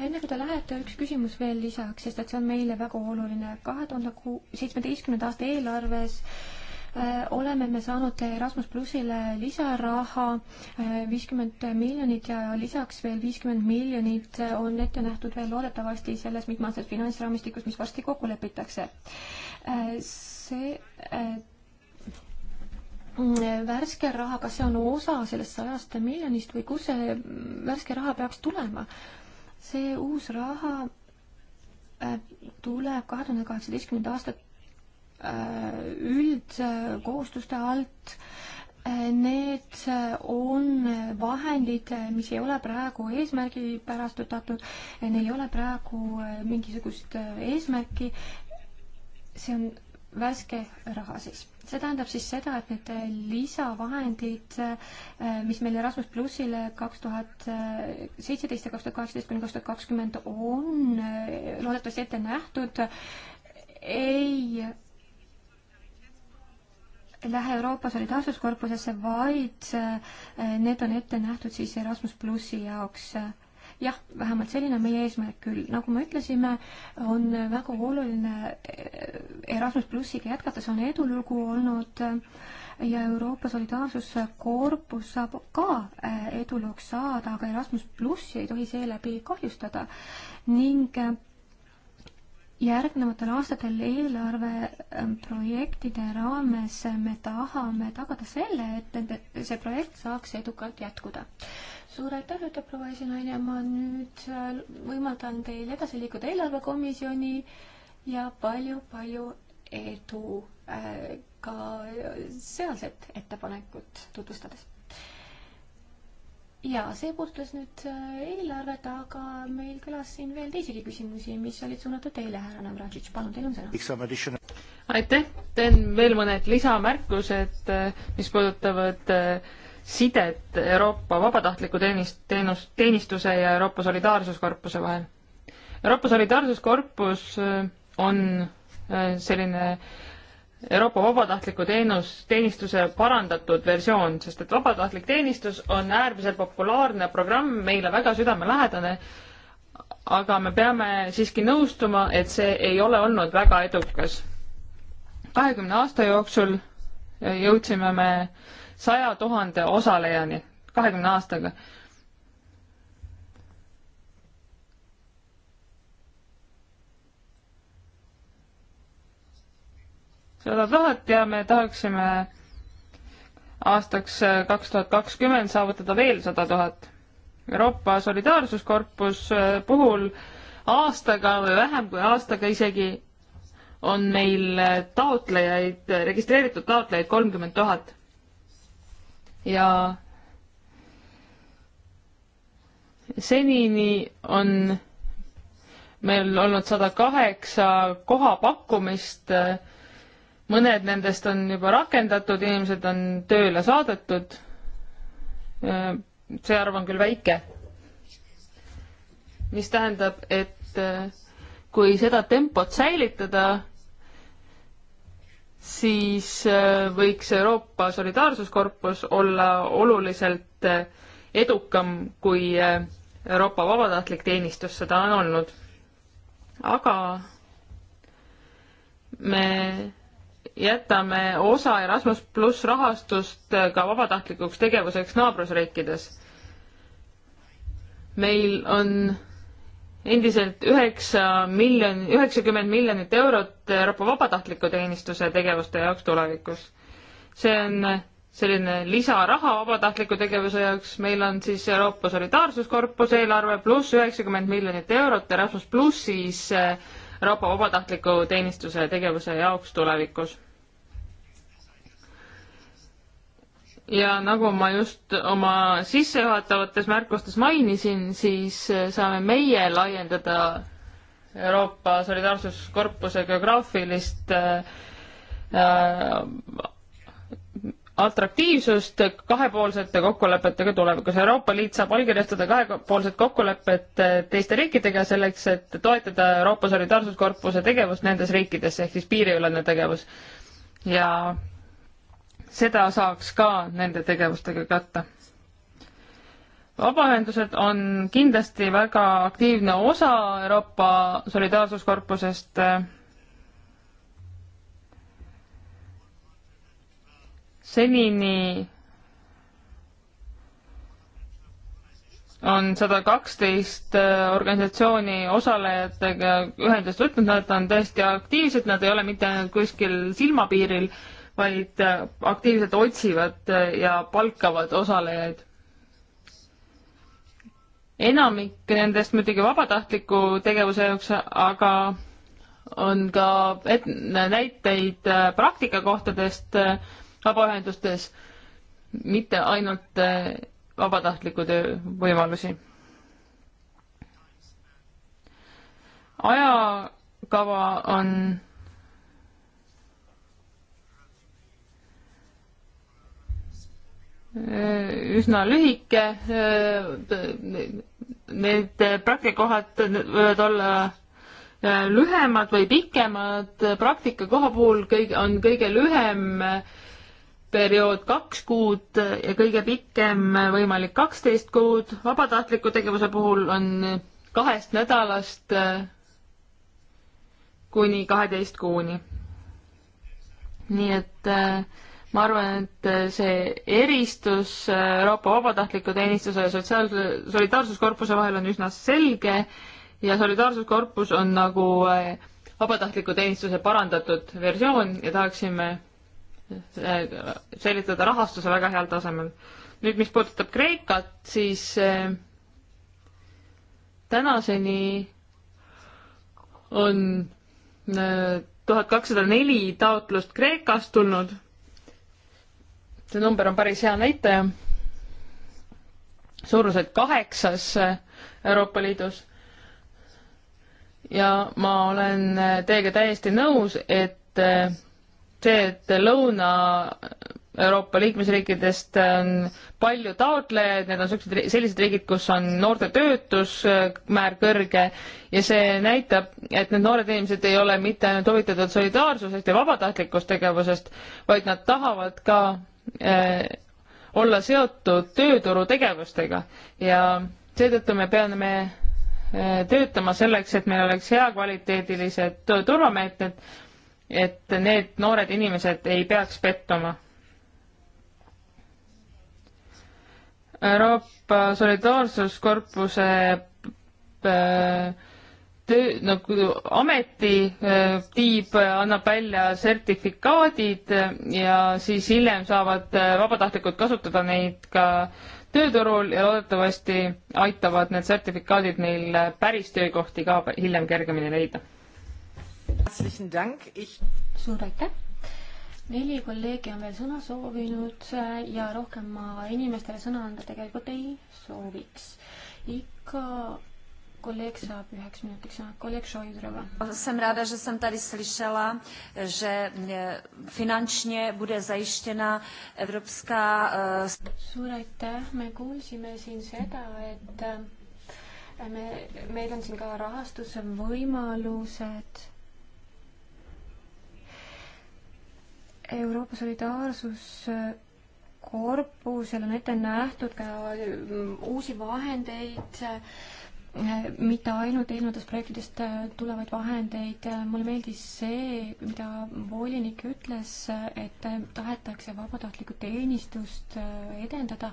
enne kui te lähete, üks küsimus veel lisaks, sest et see on meile väga oluline. kahe tuhande seitsmeteistkümnenda aasta eelarves äh, oleme me saanud Erasmus plussile lisaraha äh, viiskümmend miljonit ja lisaks veel viiskümmend miljonit on ette nähtud veel loodetavasti selles mitmeaastases finantsraamistikus, mis varsti kokku lepitakse. see värske raha, kas see on osa sellest sajast miljonist või kust see värske raha peaks tulema? see uus raha äh, tuleb kahe tuhande kaheksateistkümnenda aasta äh, üldkohustuste alt. Äh, need on vahendid, mis ei ole praegu eesmärgipärastutatud, neil ei ole praegu mingisugust eesmärki. see on värske raha siis. see tähendab siis seda, et need lisavahendid, äh, mis meil Erasmus plussile kaks tuhat äh, seitseteist ja kaks tuhat kaheksateist kuni kaks tuhat kakskümmend on äh, loodetavasti ette nähtud, ei lähe Euroopa Solidaarsuskorpusesse, vaid need on ette nähtud siis Erasmus plussi jaoks jah, vähemalt selline on meie eesmärk küll. nagu me ütlesime, on väga oluline eh, Erasmus plussiga jätkata, see on edulugu olnud eh, ja Euroopa Solidaarsuskorpus saab ka eh, edulooks saada, aga Erasmus plussi ei tohi seeläbi kahjustada ning järgnevatel aastatel eelarveprojektide ähm, raames me tahame tagada selle, et nende, see projekt saaks edukalt jätkuda. suur aitäh, ütleb proua esinaine, ma nüüd äh, võimaldan teil edasi liikuda eelarvekomisjoni ja palju-palju edu äh, ka sealset ettepanekut tutvustades ja see puudutas nüüd äh, eelarvet, aga meil kõlas siin veel teisigi küsimusi, mis olid suunatud teile, härra Navratšitš, palun, teil on sõna. aitäh, teen veel mõned lisamärkused, äh, mis puudutavad äh, sidet Euroopa vabatahtliku teenist, teenus, teenistuse ja Euroopa Solidaarsuskorpuse vahel. Euroopa Solidaarsuskorpus on selline äh, Euroopa vabatahtliku teenus, teenistuse parandatud versioon, sest et vabatahtlik teenistus on äärmiselt populaarne programm, meile väga südamelähedane, aga me peame siiski nõustuma, et see ei ole olnud väga edukas. kahekümne aasta jooksul jõudsime me saja tuhande osalejani, kahekümne aastaga sada tuhat ja me tahaksime aastaks kaks äh, tuhat kakskümmend saavutada veel sada tuhat. Euroopa Solidaarsuskorpus äh, puhul aastaga või vähem kui aastaga isegi on meil äh, taotlejaid, registreeritud taotlejaid kolmkümmend tuhat. ja senini on meil olnud sada kaheksa koha pakkumist äh, mõned nendest on juba rakendatud, inimesed on tööle saadetud. see arv on küll väike. mis tähendab, et kui seda tempot säilitada, siis võiks Euroopa Solidaarsuskorpus olla oluliselt edukam kui Euroopa Vabatahtlik Teenistus seda on olnud. aga me jätame osa Erasmus pluss rahastust ka vabatahtlikuks tegevuseks naabrusriikides. meil on endiselt üheksa miljon, üheksakümmend miljonit eurot Euroopa Vabatahtliku Teenistuse tegevuste jaoks tulevikus. see on selline lisaraha vabatahtliku tegevuse jaoks, meil on siis Euroopa Solidaarsuskorpuse eelarve pluss üheksakümmend miljonit eurot Erasmus plussis äh, eh, Euroopa vabatahtliku teenistuse tegevuse jaoks tulevikus. ja nagu ma just oma sissejuhatavates märkustes mainisin, siis saame meie laiendada Euroopa Solidaarsuskorpuse geograafilist äh, äh atraktiivsust kahepoolsete kokkulepetega tulevikus. Euroopa Liit saab allkirjastada kahepoolsed kokkulepped teiste riikidega selleks, et toetada Euroopa Solidaarsuskorpuse tegevust nendes riikides, ehk siis piiriülene tegevus. ja seda saaks ka nende tegevustega katta. vabaühendused on kindlasti väga aktiivne osa Euroopa Solidaarsuskorpusest äh, senini on sada kaksteist äh, organisatsiooni osalejatega ühendust võtnud, nad on tõesti aktiivsed, nad ei ole mitte ainult kuskil silmapiiril, vaid äh, aktiivselt otsivad äh, ja palkavad osalejaid. enamik nendest muidugi vabatahtliku tegevuse jaoks, aga on ka et-, näiteid praktikakohtadest, vabaühendustes, mitte ainult äh, vabatahtliku töö äh, võimalusi. ajakava on äh, üsna lühike. Need praktikakohad võivad olla lühemad või pikemad. praktikakoha puhul kõige, on kõige lühem äh, periood kaks kuud ja kõige pikem võimalik kaksteist kuud. vabatahtliku tegevuse puhul on kahest nädalast eh, kuni kaheteist kuuni. nii et eh, ma arvan, et eh, see eristus Euroopa Vabatahtliku Teenistuse ja Sotsiaalse Solidaarsuskorpuse vahel on üsna selge ja Solidaarsuskorpus on nagu vabatahtliku teenistuse parandatud versioon ja tahaksime Äh, säilitada rahastuse väga heal tasemel. nüüd, mis puudutab Kreekat, siis äh, tänaseni on äh, tuhat kakssada neli taotlust Kreekast tulnud. see number on päris hea näitaja. suuruselt kaheksas Euroopa Liidus. ja ma olen teiega täiesti nõus, et see, et Lõuna-Euroopa liikmesriikidest on palju taotlejaid, need on sellised, sellised riigid, kus on noorte töötusmäär äh, kõrge ja see näitab, et need noored inimesed ei ole mitte ainult huvitatud solidaarsusest ja vabatahtlikust tegevusest, vaid nad tahavad ka äh, olla seotud tööturu tegevustega ja seetõttu me peame äh, töötama selleks, et meil oleks hea kvaliteedilised turvameetmed et need noored inimesed ei peaks pettuma. Euroopa Solidaarsuskorpuse äh, töö, nagu ameti äh, tiib annab välja sertifikaadid äh, ja siis hiljem saavad vabatahtlikud kasutada neid ka tööturul ja loodetavasti aitavad need sertifikaadid neil päris töökohti ka hiljem kergemini leida suur aitäh! neli kolleegi on veel sõna soovinud äh, ja rohkem ma inimestele sõna anda tegelikult ei sooviks. ikka kolleeg saab üheks minutiks sõna, kolleeg Šoidrova. Jsem ráda, že jsem tady slyšela, že e, finančně bude zajištěna evropská e, suur aitäh, me kuulsime siin seda, et e, me, meil on siin ka rahastuse võimalused Euroopa Solidaarsuskorpusel on ette nähtud ka mm, uusi vahendeid, eh, mitte ainult eelnevatest projektidest eh, tulevaid vahendeid, mulle meeldis see, mida volinik ütles, et tahetakse vabatahtlikku teenistust eh, edendada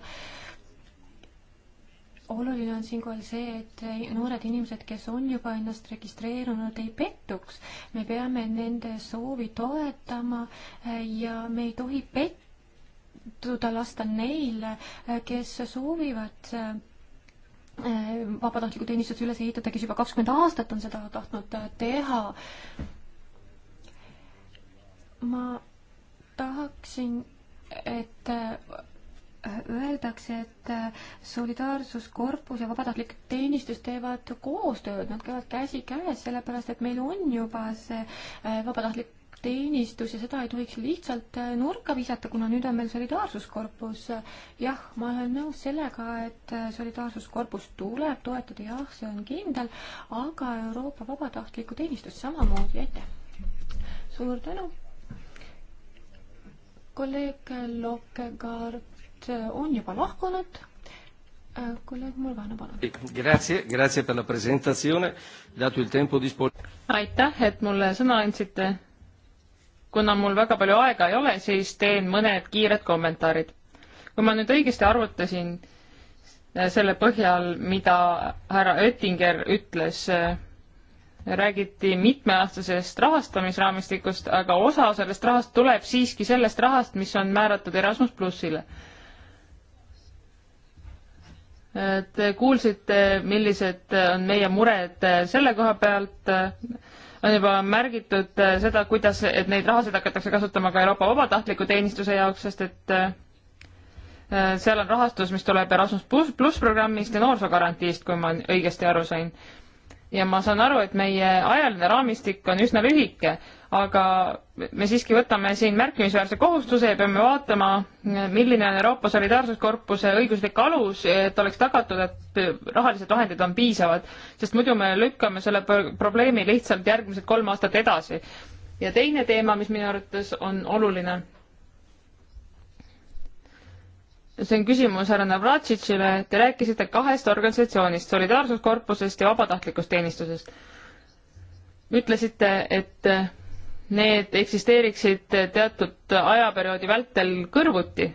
oluline on siinkohal see, et noored inimesed, kes on juba ennast registreerunud, ei pettuks. me peame nende soovi toetama eh, ja me ei tohi pettuda lasta neil, eh, kes soovivad eh, vabatahtliku teenistuse üles ehitada, kes juba kakskümmend aastat on seda tahtnud teha. ma tahaksin, et öeldakse, et äh, solidaarsuskorpus ja vabatahtlik teenistus teevad koostööd, nad käivad käsikäes, sellepärast et meil on juba see äh, vabatahtlik teenistus ja seda ei tohiks lihtsalt äh, nurka visata, kuna nüüd on meil solidaarsuskorpus. jah, ma olen nõus sellega, et solidaarsuskorpus tuleb toetada, jah, see on kindel, aga Euroopa vabatahtlikku teenistust samamoodi, aitäh! suur tänu! kolleeg Lokkegaard Äh, on juba lahkunud. Äh, kolleeg Mulvana, palun. aitäh, et mulle sõna andsite. kuna mul väga palju aega ei ole, siis teen mõned kiired kommentaarid. kui ma nüüd õigesti arvutasin, äh, selle põhjal, mida härra Oettinger ütles, räägiti mitmeaastasest rahastamisraamistikust, aga osa sellest rahast tuleb siiski sellest rahast, mis on määratud Erasmus plussile. Te kuulsite, millised on meie mured selle koha pealt. on juba märgitud seda, kuidas, et neid rahasid hakatakse kasutama ka Euroopa Vabatahtliku Teenistuse jaoks, sest et äh, seal on rahastus, mis tuleb Erasmus pluss plus programmist ja noorsoogarantiist, kui ma õigesti aru sain. ja ma saan aru, et meie ajaline raamistik on üsna lühike aga me siiski võtame siin märkimisväärse kohustuse ja peame vaatama, milline on Euroopa Solidaarsuskorpuse õiguslik alus, et oleks tagatud, et rahalised vahendid on piisavad, sest muidu me lükkame selle probleemi lihtsalt järgmised kolm aastat edasi. ja teine teema, mis minu arvates on oluline, see on küsimus härra Navratšitšile, te rääkisite kahest organisatsioonist, Solidaarsuskorpusest ja vabatahtlikust teenistusest. ütlesite, et need eksisteeriksid teatud ajaperioodi vältel kõrvuti.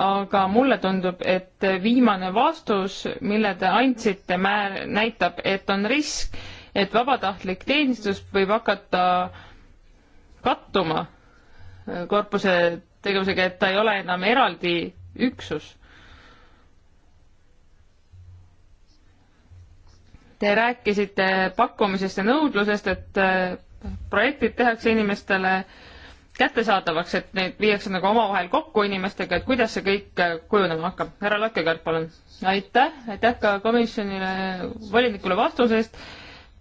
aga mulle tundub, et viimane vastus, mille te andsite, määr-, näitab, et on risk, et vabatahtlik teenistus võib hakata kattuma korpuse tegevusega, et ta ei ole enam eraldi üksus. Te rääkisite pakkumisest ja nõudlusest, et projektid tehakse inimestele kättesaadavaks, et need viiakse nagu omavahel kokku inimestega, et kuidas see kõik äh, kujunema hakkab. härra Lakkekärp, palun. aitäh, aitäh ka komisjonile, volinikule vastuse eest.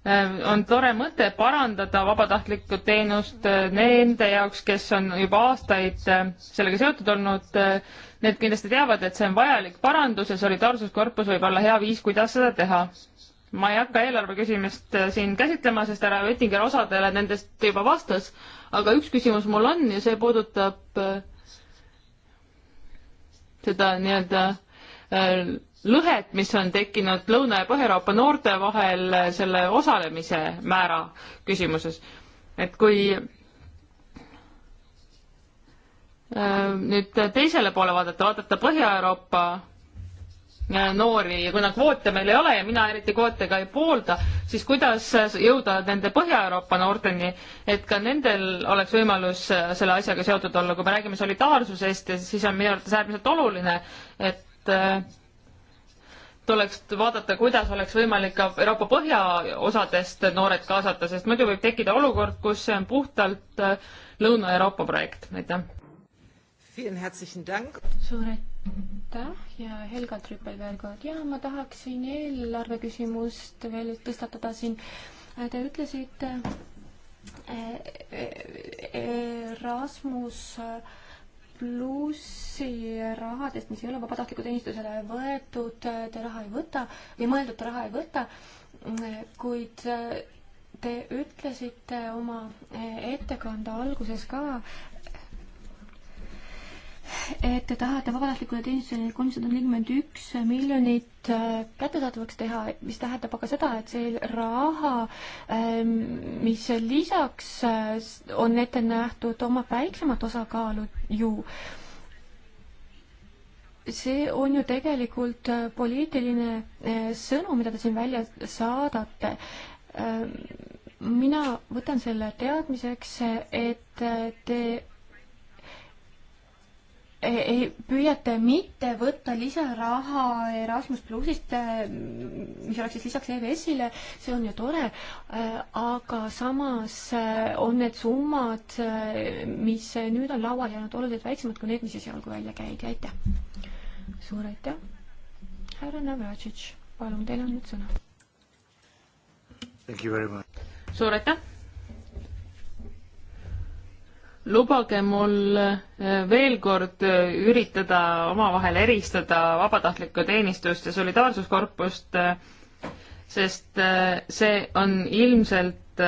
Äh, on tore mõte parandada vabatahtlikku teenust äh, nende jaoks, kes on juba aastaid sellega seotud olnud. Need kindlasti teavad, et see on vajalik parandus ja solidaarsuskorpus võib olla hea viis, kuidas seda teha ma ei hakka eelarve küsimust äh, siin käsitlema, sest härra Oettinger osadele nendest juba vastas, aga üks küsimus mul on ja see puudutab äh, seda nii-öelda äh, lõhet, mis on tekkinud Lõuna- ja Põhja-Euroopa noorte vahel selle osalemise määra küsimuses. et kui nüüd teisele poole vaadata, vaadata Põhja-Euroopa noori ja kuna kvoote meil ei ole ja mina eriti kvoote ka ei poolda, siis kuidas jõuda nende Põhja-Euroopa noorteni, et ka nendel oleks võimalus selle asjaga seotud olla, kui me räägime solidaarsusest ja siis on minu arvates äärmiselt oluline, et tuleks vaadata, kuidas oleks võimalik ka Euroopa põhjaosadest noored kaasata, sest muidu võib tekkida olukord, kus see on puhtalt Lõuna-Euroopa projekt, aitäh. suur aitäh aitäh ja Helga Trüppel veel kord. ja ma tahaksin eelarve küsimust veel tõstatada siin. Te ütlesite e, e, Erasmus plussi rahadest, mis ei ole vabatahtliku teenistusele võetud, te raha ei võta või mõeldud te raha ei võta, kuid te ütlesite oma ettekande alguses ka, et te tahate vabatahtlikule teenistusele kolmsada nelikümmend üks miljonit äh, kättesaadavaks teha, mis tähendab aga seda, et see raha, ähm, mis lisaks äh, on ette nähtud, omab väiksemat osakaalu ju see on ju tegelikult äh, poliitiline sõnum, mida te siin välja saadate. Ähm, mina võtan selle teadmiseks, et te ei, püüate mitte võtta lisaraha Erasmus plussist, äh, mis oleks siis lisaks EVS-ile, see on ju tore, äh, aga samas äh, on need summad, mis nüüd on laual, jäänud oluliselt väiksemad kui need, mis esialgu välja käidi, aitäh. suur aitäh, härra Navratšitš, palun, teil on nüüd sõna. suur aitäh lubage mul eh, veel kord eh, üritada omavahel eristada vabatahtlikku teenistust ja solidaarsuskorpust, eh, sest see on ilmselt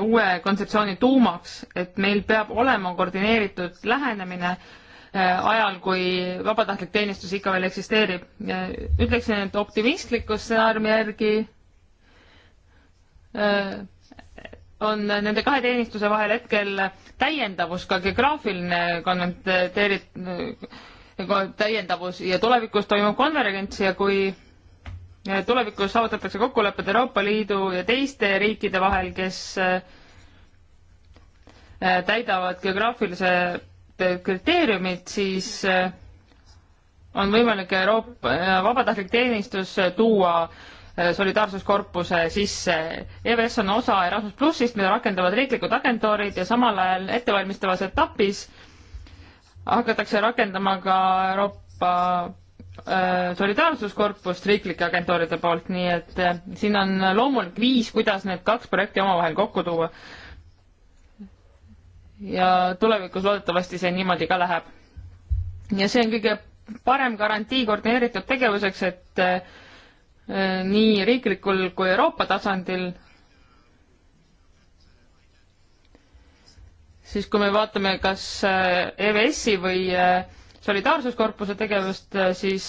uue kontseptsiooni tuumaks, et meil peab olema koordineeritud lähenemine ajal, kui vabatahtlik teenistus ikka veel eksisteerib. ütleksin, et optimistliku stsenaariumi järgi on nende kahe teenistuse vahel hetkel täiendavus, ka geograafiline kommenteerit-, äh, täiendavus ja tulevikus toimub konverents ja kui äh, tulevikus saavutatakse kokkulepped Euroopa Liidu ja teiste riikide vahel, kes äh, täidavad geograafilised kriteeriumid, siis on võimalik Euroopa vabatahtlik teenistus tuua äh, Äh, solidaarsuskorpuse sisse. EVS on osa Erasmus plussist, mida rakendavad riiklikud agentuurid ja samal ajal ettevalmistavas etapis hakatakse rakendama ka Euroopa äh, solidaarsuskorpust riiklike agentuuride poolt, nii et äh, siin on loomulik viis, kuidas need kaks projekti omavahel kokku tuua. ja tulevikus loodetavasti see niimoodi ka läheb. ja see on kõige parem garantii koordineeritud tegevuseks, et Äh, nii riiklikul kui Euroopa tasandil, siis kui me vaatame kas äh, EVS-i või äh, solidaarsuskorpuse tegevust, siis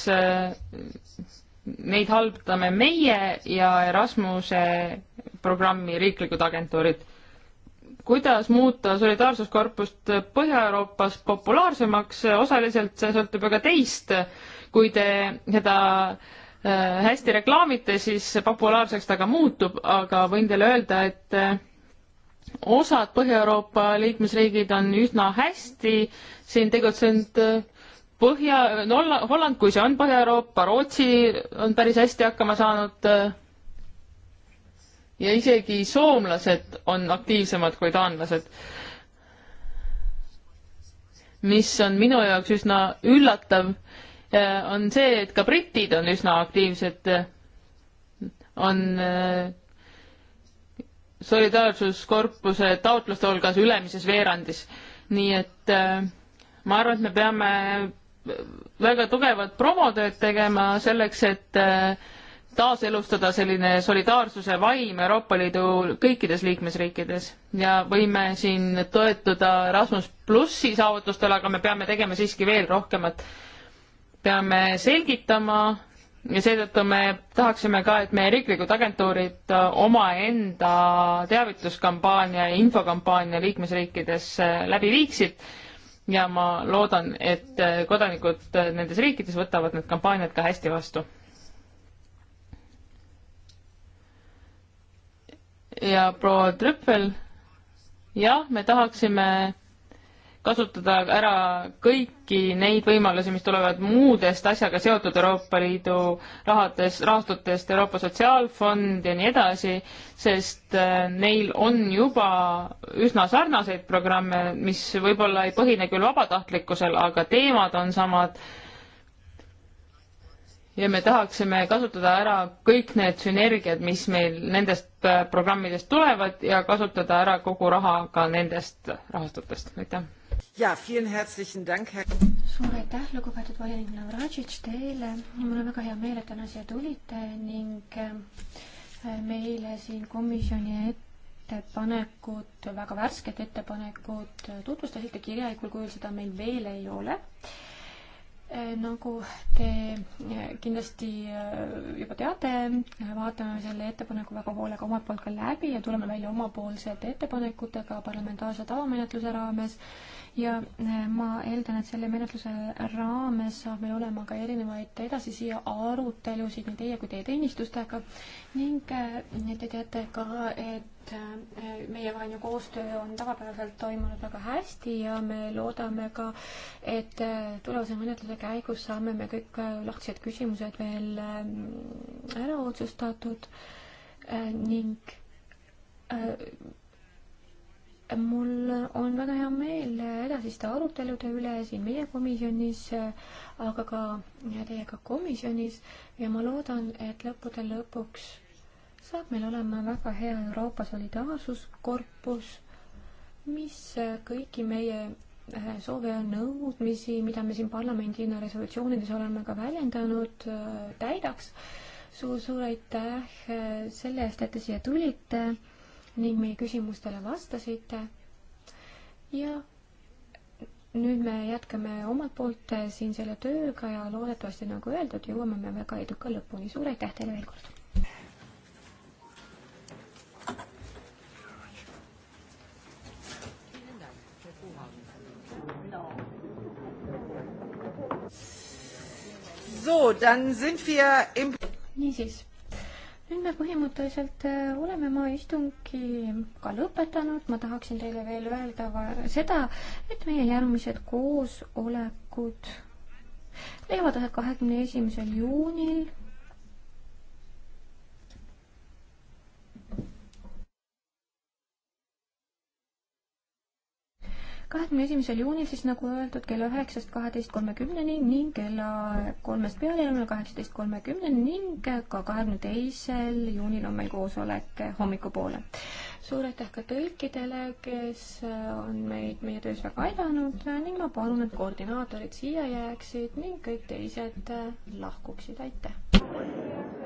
neid haldame meie ja Erasmuse programmi riiklikud agentuurid. kuidas muuta solidaarsuskorpust Põhja-Euroopas populaarsemaks, osaliselt see sõltub ju ka teist, kui te seda äh, Äh, hästi reklaamite, siis populaarseks ta ka muutub, aga võin teile öelda, et äh, osad Põhja-Euroopa liikmesriigid on üsna hästi siin tegutsenud. Äh, Põhja, Holland, kui see on Põhja-Euroopa, Rootsi on päris hästi hakkama saanud. ja isegi soomlased on aktiivsemad kui taanlased mis on minu jaoks üsna üllatav, Äh, on see, et ka britid on üsna aktiivsed, on äh, solidaarsuskorpuse taotluste hulgas ülemises veerandis. nii et äh, ma arvan, et me peame väga tugevat promotööd tegema selleks, et taaselustada selline solidaarsuse vaim Euroopa Liidu kõikides liikmesriikides ja võime siin toetuda Rasmus plussi saavutustele, aga me peame tegema siiski veel rohkemat peame selgitama ja seetõttu me tahaksime ka, et meie riiklikud agentuurid äh, omaenda teavituskampaania ja infokampaania liikmesriikides äh, läbi viiksid ja ma loodan, et äh, kodanikud nendes riikides võtavad need kampaaniad ka hästi vastu. ja proua Trüppel, jah, me tahaksime kasutada ära kõiki neid võimalusi, mis tulevad muudest asjaga seotud Euroopa Liidu rahades, rahastutest, Euroopa Sotsiaalfond ja nii edasi, sest äh, neil on juba üsna sarnaseid programme, mis võib-olla ei põhine küll vabatahtlikkusel, aga teemad on samad. ja me tahaksime kasutada ära kõik need sünergiad, mis meil nendest äh, programmidest tulevad ja kasutada ära kogu raha ka nendest rahastutest, aitäh suur aitäh, lugupeetud volinik Navratšitš teile. mul on väga hea meel, et täna siia tulite ning äh, meile siin komisjoni ettepanekud, väga värsked ettepanekud tutvustasite kirjalikul kujul, seda meil veel ei ole äh, nagu te äh, kindlasti juba teate, vaatame selle ettepaneku väga hoolega omalt poolt ka läbi ja tuleme välja omapoolsete ettepanekutega parlamentaarse tavamenetluse raames ja eh, ma eeldan, et selle menetluse raames saab meil olema ka erinevaid edasisi arutelusid nii teie kui teie teenistustega ning eh, te teate ka, et eh, meievaheline koostöö on tavapäraselt toimunud väga hästi ja me loodame ka, et tulevase menetluse käigus saame me kõik lahtised küsimused veel ära otsustatud ning mul on väga hea meel edasiste arutelude üle siin meie komisjonis, aga ka teiega komisjonis ja ma loodan, et lõppude lõpuks saab meil olema väga hea Euroopa solidaarsuskorpus, mis kõiki meie äh, soove ja nõudmisi, mida me siin parlamendina resolutsioonides oleme ka väljendanud, äh, täidaks suur,. suur-suur aitäh äh, selle eest, et te siia tulite ning meie küsimustele vastasite. ja nüüd me jätkame omalt poolt äh, siin selle tööga ja loodetavasti, nagu öeldud, jõuame me väga eduka lõpuni. suur aitäh teile veel kord! So, dann sind wir im... Niisiis nüüd me põhimõtteliselt äh, oleme oma istungi ka lõpetanud, ma tahaksin teile veel öelda seda, et meie järgmised koosolekud leiavad aset kahekümne esimesel juunil kahekümne esimesel juunil siis nagu öeldud, kella üheksast kaheteist kolmekümneni ning kella kolmest peale on meil kaheksateist kolmekümneni ning ka kahekümne teisel juunil on meil koosolek hommikupoole. suur aitäh ka tõlkidele, kes on meid meie töös väga aidanud ning ma palun, et koordinaatorid siia jääksid ning kõik teised lahkuksid, aitäh!